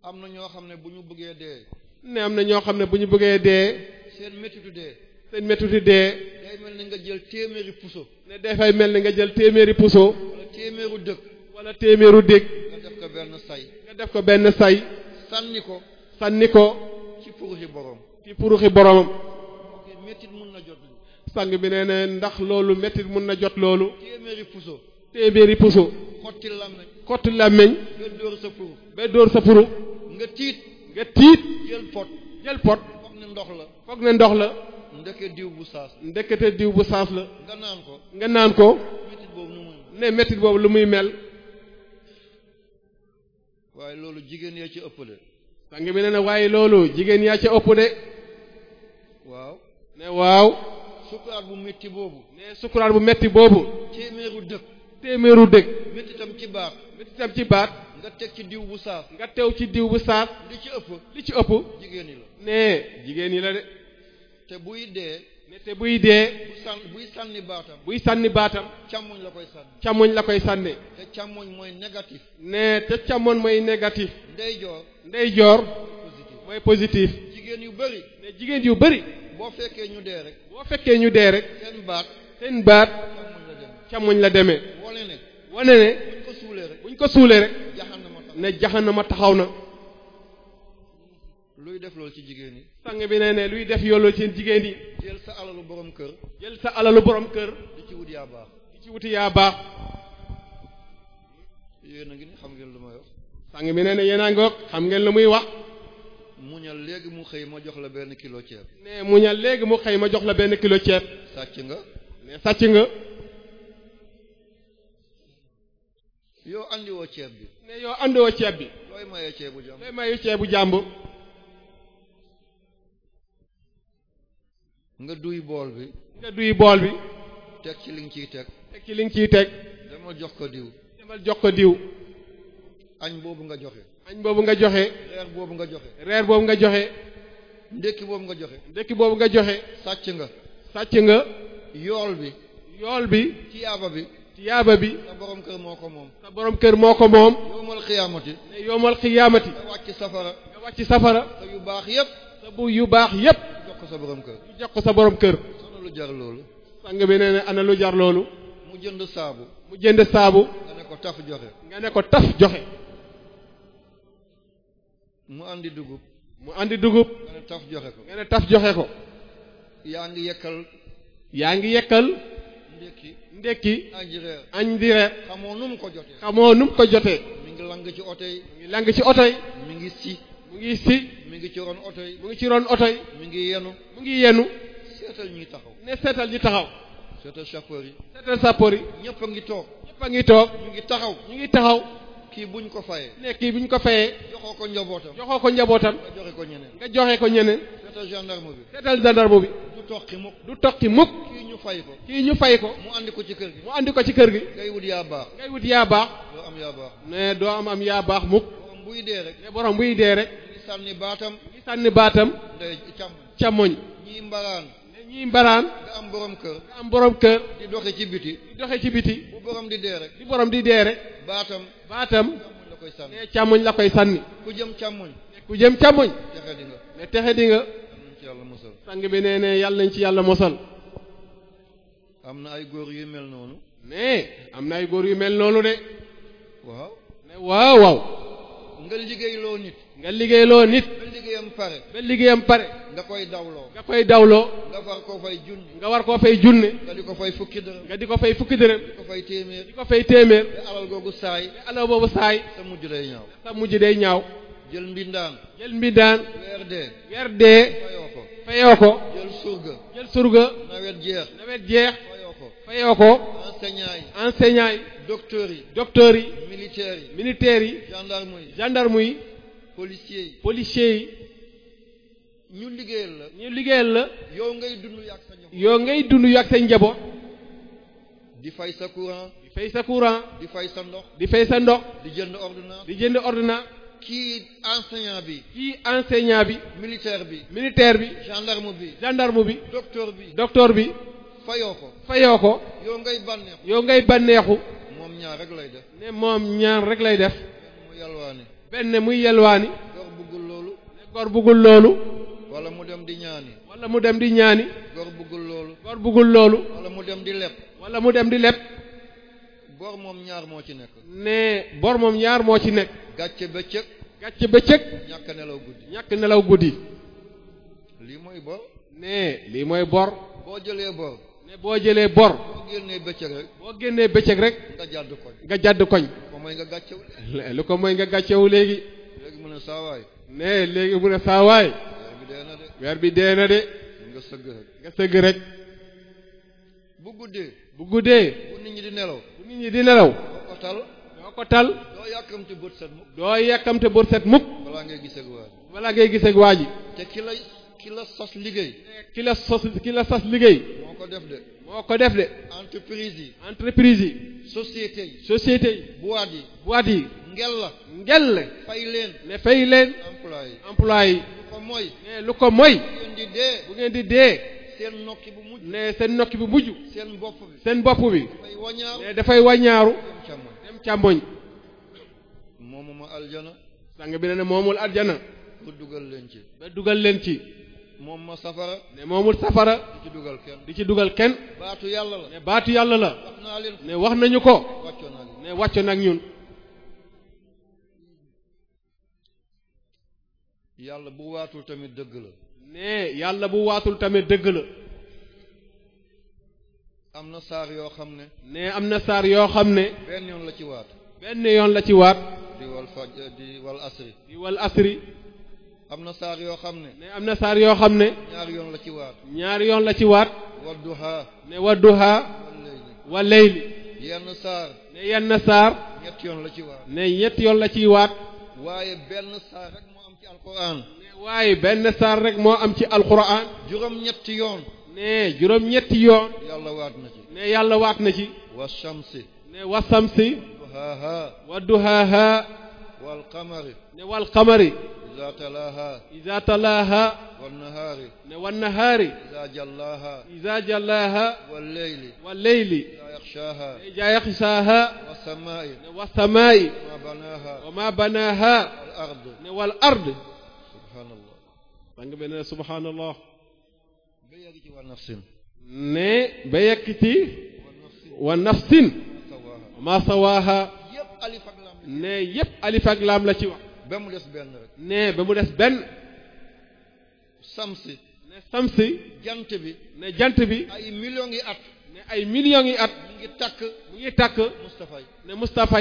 am na ñoo xam ne bu ñu bëggee dee ne am na ñoo xam ne bu ñu bëggee dee seen métitu dee seen métuti dee day nga jël téeméeri puso ne dafay mel ni nga jël téeméeri puso wala téeméeru dëkk wala téeméeru dëkk nga def ko benn say nga def ko benn say sànni ko sànni ko ci puruxi borom ci puruxi boromam métit mun na jot sang bi nee na ndax loolu métit mun na jot loolu téeméeri puso téeméeri puso xotti làmmeñ xotti làmmeñ ba dóor sa puru sa puru nga tiit nga tiit jël pot jël pot foog la foog ne ndox la ndeke diw bu saas la. diw bu saas la. nga naan ko nga boobu ne métit boobu lu muy mel. waaye loolu jigéen yaa ci ëpp de. ngi bi ne na waaye loolu jigéen yaa ci ëpp de. waaw. ne waaw. sukuraat bu métti boobu. ne sukuraat bu metti boobu. téeméeru dëkk. téeméeru dëkk. méttitam ci baat. méttitam ci baat. nga teg ci diw bu saas. nga tew ci diw bu saas. li ci ëpp. li ci ëpp. jigéen ñi ne jigéen ñi la de. te buy dee. ne te buy dee. buy sànni baatam. buy sànni baatam. càmmoñ la koy sànni. càmmoñ la koy sànni. te càmmoñ mooy négatif. ne te càmmoñ mooy négatif. ndeyjoor. ndeyjoor. mooy positif. jigéen yu bëri. ne jigéen yu bëri. boo fekkee ñu dee rek. boo fekkee ñu dee rek. seen baat. seen baat. càmmoñ la demee. wane ne. wane ne. buñ ko suulee rek. buñ ko suulee rek. ne jaxanama taxaw na. luy def loolu ci jigéen yi sang bi nee ne luy def yooloo seen jigéen yi jël sa alalu borom kër jël sa alalu borom kër di ci wut yaa baax di ci wuti yaa baax yéen a ngi ni xam ngeen lu may wax sang bi nee ne yéen a ngi xam ngeen lu muy wax muñal léegi mu xëy ma jox la benn kilo ceeb ne muñal léegi mu xëy ma jox la benn kilo ceeb sàcc nga ne sàcc nga yoo andiwoo ceeb bi ne yoo andiwoo ceeb bi looy mayee ceebu jàmbur looy mayee ceebu jàmbur nga duy bool bi. nga duy bool bi. teg ci li nga ciy teg. teg ci li nga ciy teg. demal jox ko diw. demal jox ko diw. añ boobu nga joxe. añ boobu nga joxe. reer boobu nga joxe. reer boobu nga joxe. ndekki boobu nga joxe. ndekki boobu nga joxe. sàcc nga. sàcc nga. yool bi. yool bi. tiyaaba bi. tiyaaba bi. sa borom kër moo ko moom. sa borom kër moo ko moom. yoomal xiyaamati. ne yoomal xiyaamati. nga wàcc safara. nga wàcc safara. sa yu baax yépp. sa bu yu baax yépp. ko sa borom kër. ñu jox ko sa borom kër. ana lu jar loolu. sang bi nee na ana lu jar loolu. mu jënd saabu. mu jënd saabu. nga ne ko taf joxe. nga ne ko taf joxe. mu andi dugub. mu andi dugub. nga ne taf joxe ko. nga ne taf joxe ko. yaa ngi yekkal. yaa ngi yekkal. ndekki ndekki. añ reer añ di reer. xamoo nu mu ko jotee. xamoo nu mu ko jotee. mi ngi lang ci oto yi. mi ngi lang ci oto yi. mi ngi si. mu ngi si mi ngi ci ron oto yi mu ngi ci ron oto yi mi ngi yenu mu ngi yenu seetal ñuy taxaw ne seetal ñu taxaw seetal sapeur yi seetal sapeur yi ñëpp ngi toog ngi toog ñu ngi taxaw ñu ngi taxaw kii buñ ko fayee ne kii buñ ko fayee joxoo ko njabootam joxoo ko njabootam nga joxe ko ñeneen nga joxe ko ñeneen seetal gendarme bi seetal gendarme bi du toqi mukk du toqi mukk kii ñu fay ko ñu fay ko mu andi ko ci kër gi mu andi ko ci kër gi ngay wut yaa baax ngay doo am yaa baax doo am am yaa baax mukk buy dee rek. ne borom buy dee rek. ngi sànni baatam. ngi baatam. day càmmoñ. càmmoñ. ñii mbaraan. ne ñii mbaraan. am borom kër. nga am borom kër. di doxe ci biti. di ci biti. bu borom di dee rek. di borom di dee rek. baatam. baatam. càmmoñ koy sànni. ne càmmoñ koy sànni. ku jëm càmmoñ. ku jëm càmmoñ. texe texe di nga. sang bi nee ne yàlla nañ ci yàlla mosal. am na ay góor yu mel noonu. ne am na ay góor yu mel noonu de. waaw waaw. nga liggéeyloo nit. nga liggéeyloo nit. ba liggéeyam pare. ba liggéeyam pare. nga koy dawloo. nga koy dawloo. nga war koo fay junne. nga war koo fay junne. nga di ko fay fukki dërëm. nga di ko fay fukki dërëm. di ko fay téeméer. di ko fay téeméer. te alal googu saay. te alal boobu saay. sa mujj day ñaaw. sa mujj day ñaaw. jël mbindaan. jël mbindaan. weer dee. weer ko. jël surga. jël surga. nawet jeex. fayoo ko. enseignants yi enseignants yi. docteurs yi docteurs yi. militaires yi militaires yi. gendarme yi gendarme yi. policiers yi policiers yi. ñu liggéeyal la. ñu liggéeyal la. yow ngay dund yak sa njaboot. yow ngay dund yak sa njaboot. di fay sa courant. di fay sa courant. di fay sa ndox. di fay sa ndox. jënd ordonnance. di jënd ordonnance. kii enseignant bi. kii enseignant bi. militaire bi. militaire bi. gendarme bi. gendarme bi. docteur bi. docteur bi. fayoo ko fayoo ko yow ngay bànneexu ngay bànneexu moom ñaar rek lay def ne moom ñaar rek lay def muy benn muy yalwaani gor bëggul loolu ne gor bëggul loolu wala mu dem di ñaani wala mu dem di ñaani bëggul loolu gor loolu wala mu dem di leb wala mu dem di leb bor moom ñaar moo ci nekk ne bor moom ñaar moo ci nekk gàcce bëccëg gàcce bëccëg ñàkk nelaw guddi ñàkk nelaw guddi lii mooy bor ne lii mooy bor boo jëlee bor ne boo jëlee bor. boo génnee bëccëg rek. boo génnee bëccëg rek. nga jàdd koñ. nga jàdd koñ. lu ko mooy nga gàcceewu. lu ko mooy nga gàcceewu léegi. léegi mu ne léegi mu ne saawaay. weer bi dee na de. weer bi dee na nga sëgg rek. nga bu guddee. bu guddee. bu nit ñi di nelaw. bu nit ñi di nelaw. doo ko tal. doo ko tal. doo yàkkamte bët set mukk. doo ngay gisee ak waa ngay gisee ak waa ji. te ki la sos liggéey. ki la sos ki la sos liggéey. moo ko def de. moo ko def de. entreprise yi. entreprise yi. société yi. société yi. boîte yi. yi. ngel la. ngel la. fay leen. ne fay leen. emplois yi. lu ko mooy. lu ko mooy. bu ngeen di dee. bu ngeen seen nokki bu mujj. ne seen nokki bu mujj. bopp bi. seen bi. dafay waññaaru. ne dafay waññaaru. dem càmmoñ. moomuma aljana. sang bi ne ne moomul aljana. ba dugal leen ci. moom ma safara. ne moomul safara. di ci dugal kenn di ci dugal kenn. baatu yàlla la ne baatu yàlla la. wax ne wax nañu ko. wàccoon ak ñun ne wàccoon ak ñun. yàlla bu waatul tamit dëgg la. ne yàlla bu waatul tamit dëgg la. am na saar yoo xam ne. ne am na saar yoo xam ne. benn yoon la ci waat. benn yoon la ci waat. di wal faj am na saar yoo xam ne. ne am na saar yoo xam ne. ñaari yoon la ci waat. ñaari yoon la ci waat. wa layli. yenn ne yenn saar. ñett yoon la ci waat. ne ñett yoon la ciy waat. waaye benn saar moo am ci alquran. benn saar rek moo am ci alquran. juróom-ñetti yoon. yoon. yàlla waat na ci. ne yàlla waat na ci. wa shamsi. ne wa samsi. wadduhaaha. wadduhaaha. wal qamari. ne wal qamari. إذا تلاها إذا تلاها والنهار والنهار إذا جلاها إذا جلاها والليل والليل إذا يخشاها إذا يخشاها والسماء والسماء وما بناها وما بناها والأرض والأرض سبحان الله danga beneen subhanallah ba yegg ci wa nafsin ne ba yegg ci wa nafsin ma sawaaha ne yépp alif ak laam la ci wax ba mu des benn rek. nee ba mu des benn. samsi. ne samsi. jant bi. ne jant bi. ay million yi at. ne ay millions yi at. ngi takk. mu ngi takk. Moustapha yi ne Moustapha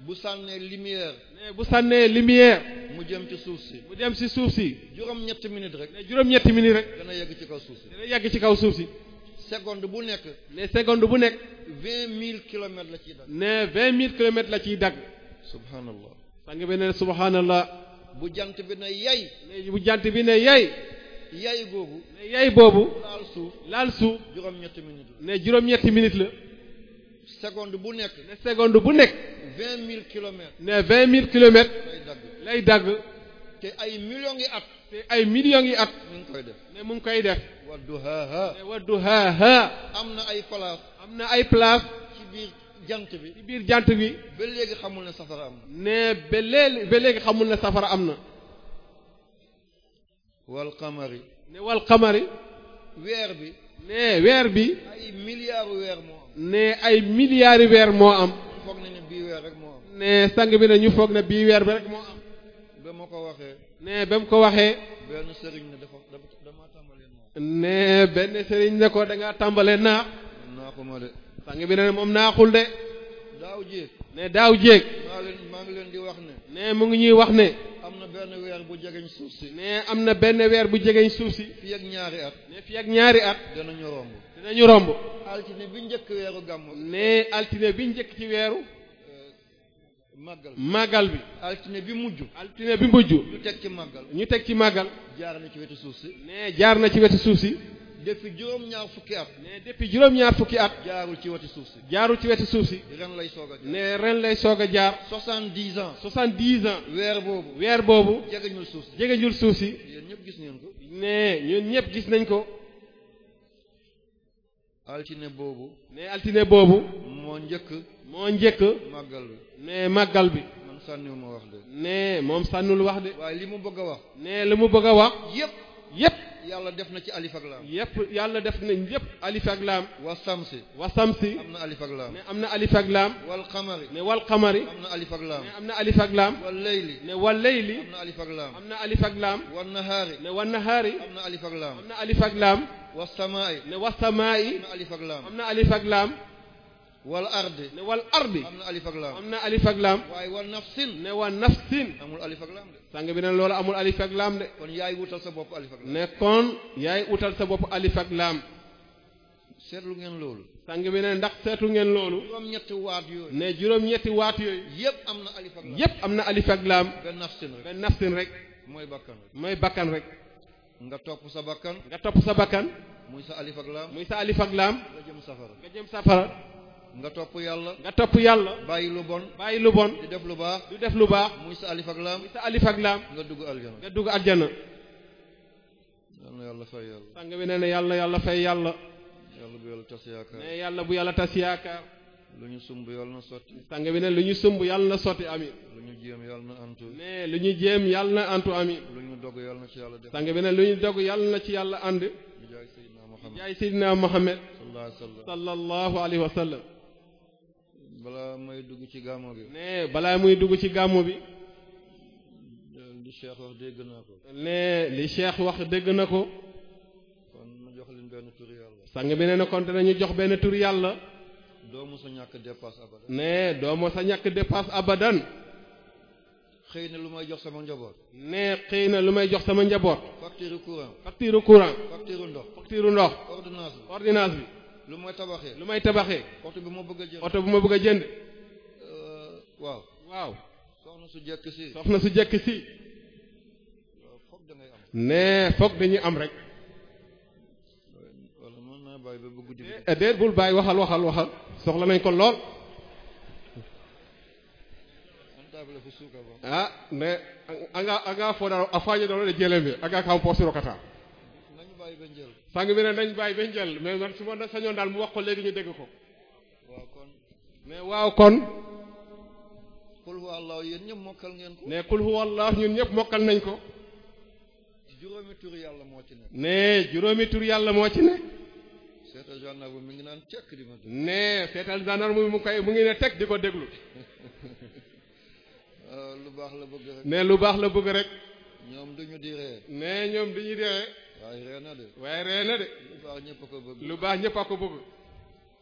bu sànnee lumière. ne bu sànnee lumière. mu jëm ci suuf si. mu jëm ci suuf si. juróom-ñetti minutes rek. ne juróom-ñetti minutes rek. dana yegg ci kaw suuf si. dana yegg ci kaw suuf si. seconde bu nekk. ne seconde bu nekk. vingt mille kilomètres la ciy dagg. ne vingt mille kilomètres la ciy dagg. subhanallah. sang beneen ne subhaanallah bu jant bi ne yay bu jant bi ne yay yay boobu ne yay boobu laal suuf laal suuf juróom-ñetti ne juróom-ñetti minutes la seconde bu nekk ne seconde bu nekk vingt mille kilomètres ne vingt mille kilomètres lay dagg te ay millions ngi at te ay millions ngi at mu ngi koy def ne mu ngi koy def wadduhaaha ne wadduhaaha am na ay place am na ay place jant bi ci biir jant bi ba léegi xamul ne safara am na ne ba léegi ba léegi xamul ne safara am na wal qamari ne wal qamari weer bi ne weer bi ay milliards weer moo am ne ay milliards weer moo am foog nañu bii weer rek moo am ne sang bi nañu foog na bii weer bi rek moo am ba ma ko waxee ne ba mu ko waxee benn sëriñ ne dafa dama tàmbalee naa ne benn sëriñ ne ko da ngaa tàmbalee naa naa ko ma de sang bi ne moom naaxul de. daaw jéeg ne daaw jéeg. maa ngi leen di wax ne. ne mu ngi ñuy wax ne. am na benn weer bu jegeñ suuf si. ne am na benn weer bu jegeñ suuf si. fii ak ñaari at. ne fii ak ñaari at. danañu romb. danañu romb. altine bi njëkk weeru gàmmu. ne altine bi njëkk ci weeru. Eh, màggal màggal bi. altine bi mujj. altine bi mujj. ñu teg ci màggal. ñu teg ci màggal. jaar na ci wetu suuf si. ne jaar na ci wetu suuf si. depuis juróom-ñaar fukki at. ne depuis juróom fukki at. jaarul ci wetu suuf si. jaarul ci wetu suuf si. ren lay soog a ne ren lay soog a jaar. soixante-dix ans. soixante-dix ans. weer boobu. weer boobu. jegeñul suuf si. jegeñul suuf si. yéen ñëpp gis ngeen ko. ne ñun ñëpp gis nañ ko. altine boobu. ne altine boobu. moo njëkk. moo njëkk. màggal bi. ne màggal bi. man sànniwuma wax de. ne moom sànnul wax de. waaye li mu bëgg a wax. ne li mu bëgg a wax. yëpp yëpp. yàlla def na ci alif ak laam. yëpp yàlla def nañ yëpp alif ak laam. wa samsi. wa samsi. am na alif ak laam. mais am na alif ak laam. wal qamari. mais wal qamari. am na alif ak laam. mais am na alif ak laam. wal layli. mais wal layli. am na alif ak laam. am na alif ak laam. wan nahaari. mais wan nahaari. am na alif ak laam. am na alif ak laam. was samaa'i. mais was samaa'i. am na alif ak laam. am na alif ak laam. wal ardi ne wal ardi am na alif ak laam am na alif ak laam waaye wal nafsin ne wal nafsin amul alif ak laam de sàng bi ne loolu amul alif ak laam de kon yaay wutal sa bopp alif ak laam ne kon yaay wutal sa bopp alif ak laam seetlu ngeen loolu sàng bi ne ndax seetu ngeen loolu juróom-ñetti waat yooyu ne juróom-ñetti waat yooyu yépp am na alif ak laam yépp am na alif ak laam ba nafsin rek ba nafsin rek mooy bakkan rek mooy bakkan rek nga topp sa bakkan nga topp sa bakkan muy sa alif ak laam muy sa alif ak laam nga jëm safara nga jëm safara nga topp yàlla. nga topp yàlla. bàyyi lu bon. bàyyi lu bon. di def lu baax. di def lu baax. muy sa alif ak laam. muy sa alif ak laam. nga dugg aljana. nga dugg aljana. yal na yàlla fay yàlla. sang bi nee yàlla yàlla fay yàlla. yàlla bu yàlla tas yàlla bu yàlla tas yaakaar. lu ñu sumb yàlla na sotti. sang bi lu ñu sumb yàlla na sotti amin. lu ñu jéem yàlla na antu. nee lu ñu na antu amin. lu ñu dogg yàlla ci yàlla def. sang bi ñu dogg yàlla na ci yàlla ànd. jaay Seydina Mohamed. jaay Seydina Mohamed. sallallahu balaa may dugg ci gàmmo bi. nee balaa muy dugg ci gàmmo bi. li Cheikh wax dégg nee li Cheikh wax dégg na ko. kon ma jox leen benn tur yàlla. sang bi nee na kon danañu jox benn tur yàlla. doomu sa ñàkk dépasse abadan. nee doomu sa ñàkk dépasse abadan. xëy na lu may jox sama njaboot. nee xëy na lu may jox sama njaboot. facture courant. facture courant. facture ndox. facture ndox. ordonnance bi. lu may tabaxee lu may tabaxee. oto bi ma bëgg a jënd ma bëgg a jënd. Euh, waaw. waaw. soxna su jekk si. soxna su jekk si. Euh, nee foog dañuy am rek. Eh, déet bul bàyyi waxal waxal soxla nañ ko lool. ah mais anga anga fo daro a fañe daro de jelembe anga kam posiro kata sang bi ne nañ bàyyi ba njël mais man su sañoon daal mu wax ko léegi ñu dégg ko mais waaw kon qul huwa allah yéen mokkal ngeen ko ne qul allah ñun ñëpp mokkal nañ ko juróomi tur yàlla moo ci ne ne juróomi tur yàlla moo ci ne seetal gendarme mi naan tekk di ma déglu ne seetal gendarme mu koy mu ngi ne tekk di ko déglu euh, lu baax la bëgg rek ne lu baax la bëgg rek ñoom duñu di di ree waaye ree na de. waaye ree na lu baax ñëpp ko bëgg. lu baax ñëpp ko bëgg.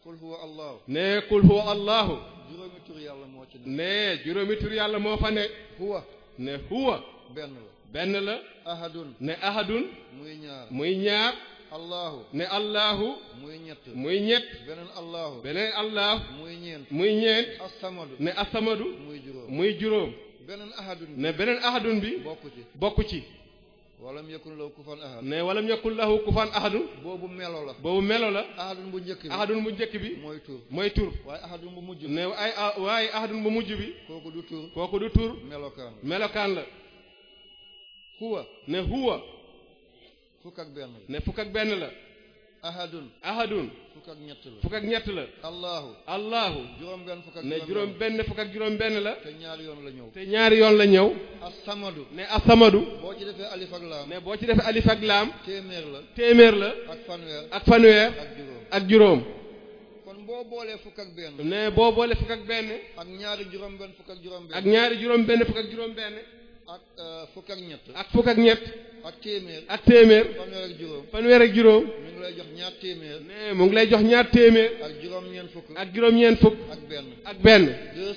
qul huwa nee qul huwa allahu. moo ci ne. nee juróomi yàlla moo fa ne. huwa. ne huwa. benn la. benn la. ahadun. ne ahadun. muy ñaar muy ñaar. allahu. ne allahu. muy ñett. muy ñett. beneen allahu. beneen allahu. muy ñeent. muy ñeent. asamadu. ne asamadu. muy juróom. muy juróom. beneen ahadun bi. ne beneen ahadun bi. bokku ci bokku ci. walam yakun lahu kufan ahad mais walam yakun lahu boobu melo la boobu melo la ahadun bu njëkk bi bu njëkk bi mooy tur mooy tur waaye ahadun bu mujj waaye ahadun mujj bi kooku du tur kooku du tur melokaan la melokaan la huwa ne huwa fukk ak benn la ne fukk ak benn la ahadun ahadun fukk ak ñett la fukk ak ñett la allahu allahu juróom benn fukk ne juróom benn fukk ak juróom benn la te ñaari yoon la ñëw te ñaari yoon la ñëw asamadu ne asamadu boo ci defee alif ak laam ne boo ci defee alif laam téeméer la téeméer la ak fanweer ak fanweer ak juróom ak boo boolee fukk ak benn. ne boo boolee fukk ak benn. ak ñaari juróom benn fukk ak juróom benn. ak ñaari juróom benn fukk ak juróom benn. ak euh, fukk ak ñett. ak fukk ak ak téeméer. ak téeméer. fanweer ak juróom. fanweer ak juróom. mu ngi lay jox ñaar téeméer. mais mu ngi lay jox ñaar téeméer. ak juróom-ñeent fukk. ak juróom fukk. ak benn. ak benn.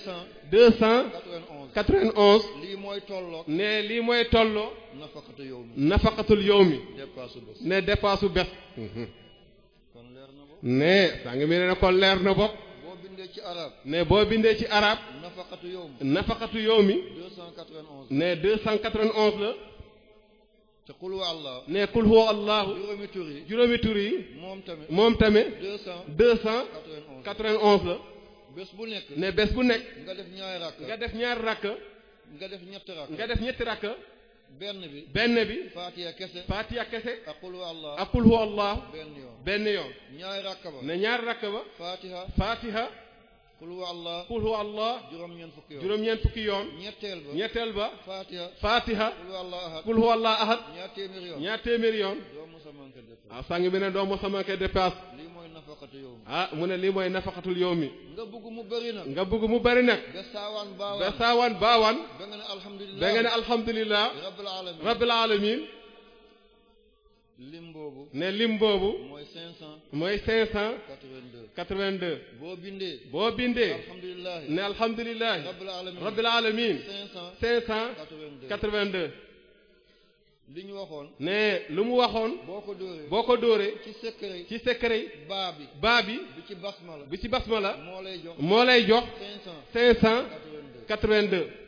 cent. deux cent. quatre vingt onze. mooy tolloo. ne lii mooy tolloo. nafaqatul yow mi. nafaqatul mi. ne dépasse bés. kon leer ne saa ngi mel ne kon leer na bopp. bindee ci ne boo bindee ci arab. nafaqatu yawmi. nafaqatu yawmi. ne la. te qul huwa allah. ne qul huwa allah. juróomi tur yi. juróomi tur moom tamit. moom tamit. 200. 291 la. bés bu nekk. ne bés bu nekk. nga def ñaari rakk. nga def ñaari rakk. nga def ñetti rakk. nga def ñetti rakk. benn bi. benn bi. Fatiha kese. Fatiha kese. aqul huwa allah. aqul huwa allah. benn yoon. ne ñaari rakk ba. kul huwa allah kul huwa juróom-ñeent fukki yoon juróom-ñeent yoon. ñetteel ba ñetteel ba. Fatiha Fatiha. kul huwa allah ahad kul huwa allah ahad. ñaar téeméeri yoon ñaar téeméeri yoon. doo mosa manqué dépasse. doo mosa manqué dépasse. lii mooy ah, mu ne lii mooy nafaqatul yow mi. nga bëgg mu bëri nag. nga bëgg mu bëri nag. ba saawaan baawaan ba saawaan baawaan. ba nga ne alhamdulilah ba nga lim boobu. ne lim boobu. mooy 500. mooy 500. 82. 82. boo bindee. boo bindee. alhamdulilah. ne alhamdulilah. rabbil alamin rabbil alamin. 500. 582. 82. li ñu waxoon. ne lu mu waxoon. boo ko dóoree. boo ko dóoree. ci secret. ci secret. baa bi. baa bi. ci basmala. bi ci basmala. moo lay jox. moo lay jox. 500. 500.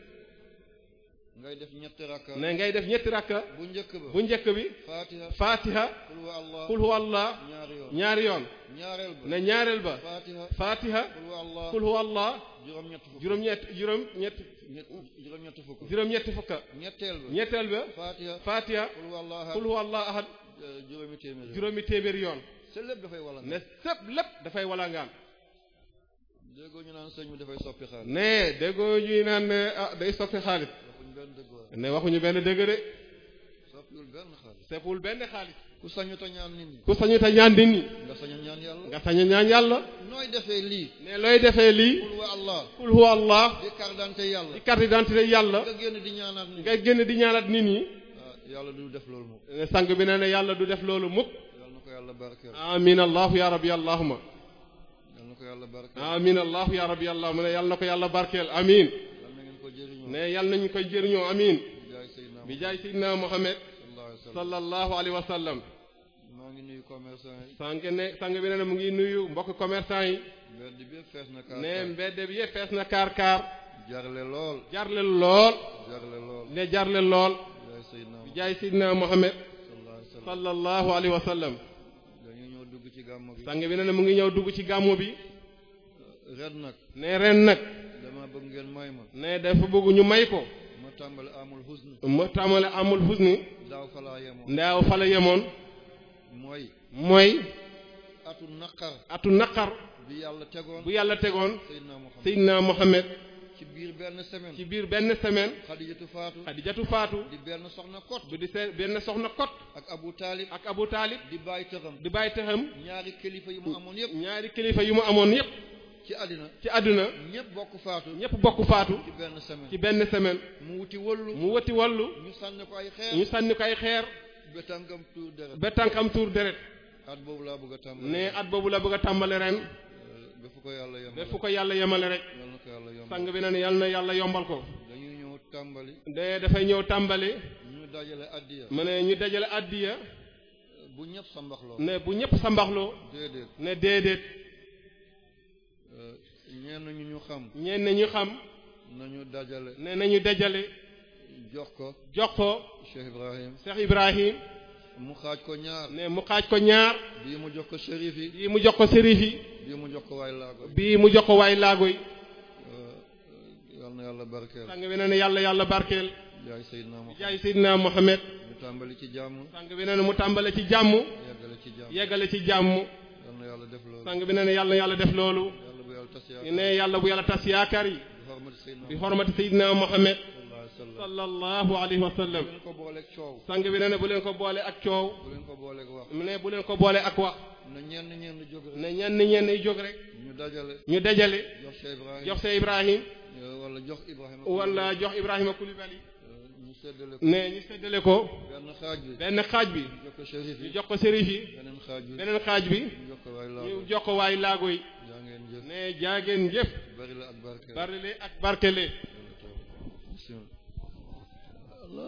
ngay def ñetti rakka ne ngay def ñetti rakka. bu njëkk ba bu njëkk bi. Fatiha Fatiha. Qul huwa Allah yoon ñaari ñaareel ba ne ñaareel ba. juróom-ñett fukk juróom-ñett juróom ñetteel ba ñetteel ba. Fatiha Fatiha. Qul huwa juróomi téeméer yoon juróomi téeméer yoon. sëb lépp dafay walangaan ne sëb lépp déggoo ñu naan sëñ bi dafay ah, day soppi xaalis ne waxuñu benn dëgg de. soppul benn xaalis. seppul benn xaalis. ku sañu ta ñaan nit ñi. ku sañu ta ñaan nit ñi. nga sañu ñaan yàlla. nga sañu ñaan yàlla. defee lii. ne looy defee lii. kul huwa allah. kul huwa allah. di carte d'identité yàlla. di carte d'identité yàlla. nga génn di ñaanaat nit ñi. génn di ñaanaat nit ñi. Ah, du def loolu mukk. Eh, sang bi nee na yàlla du def loolu mukk. yàlla na ko yàlla barkeel. amiin allahu ya rabbi allahuma. yàlla na ko yàlla ya rabbi allahuma ne yàlla na ko yàlla barkeel amiin ne yàlla nañu koy jëriñoo amiin bi jaay Seydina Mohamed sallallahu alayhi wa sallam maa ngi nuyu commerçant yi. sànq ne mu ngi nuyu mbokk commerçant yi. mbedd bi na kaar kaar ne mbedd bi yëpp fees na kaar kaar. jarle lool. jarle lool. jarle lool ne jarle lool. bi jaay Seydina Mohamed. sallallahu alayhi wa sallam. dañu ñëw dugg ci gàmmu bi. sànq bi mu ngi ñëw dugg ci gàmmu bi. ne ren nag. ngeen may ma. ne dafa bëgg ñu may ko. ma tàmbale amul husni. ma tàmbale amul husni. daaw fa yemoon. daaw fa yemoon. mooy. mooy. atu naqar. atu naqar. bu yàlla tegoon bu yàlla tegoon. Seydina Mohamed Seydina Mohamed. ci biir benn semaine. ci biir benn semaine. Xadijatu faatu. di benn soxna kot. di benn soxna kot. ak Abu Talib. di bàyyi tëxam. di bàyyi tëxam. ñaari kilifa yu mu amoon yëpp. ñaari kilifa yu mu amoon yëpp. ci àddina ci àddina ñëpp bokk faatu ñëpp bokk faatu ci benn semaine ci benn semaine mu wuti wallu mu wuti wallu ñu sànni ko ay xeer ñu sànni ko ay xeer ba tànkam tuur deret ba tànkam tuur deret at boobu laa bëgg a tàmbale ne at boobu laa bëgg a ren eh, ba fu ko yàlla yemale ba ko yàlla yemale rek sang bi na ne yàlla na yàlla yombal ko dañuy ñëw tàmbali de dafay ñëw tàmbali ñu dajale addiya mu ne ñu dajale addiya eh, bu ñëpp sambaxloo ne bu ne déedéet Euh, ñenn ñu ñu xam. ñenn ñu xam. nañu dajale. nee nañu dajale. jox ko. jox ko. Cheikh Ibrahim. Cheikh Ibrahim. mu xaaj ko ñaar. ne mu xaaj ko ñaar. bii mu jox ko shérif yi. bii mu jox ko shérif yi. mu jox ko waay laago bii mu jox ko waay laago yi. Euh, yal na yàlla barkeel. sàng bi ne na yàlla yàlla barkeel. jaay Seydina Mohamed jaay Seydina Mohamed. mu tàmbali ci jàmm. sàng bi nee na mu tàmbale ci jàmm. yeggale ci jàmm jàmm. yal def loolu. bi nee na yàlla def loolu. ne yàlla bu yàlla tas yaakaar yi bi xormati sayidina Muhammad sallallahu alayhi wa sallam sang bi ne ne bu leen ko boole ak coow mu ne bu leen ko boole ak wax ne ñenn ñenn yi jóg rek ñu dajale ñu dajale jox sa Ibrahim wala jox Ibrahima Koulibaly nee ñu séddale ko benn xaaj bi ñu jox ko sérif yi beneen xaaj bi ñu jox waay laago yi nee jaageen jëf bari le ak barkele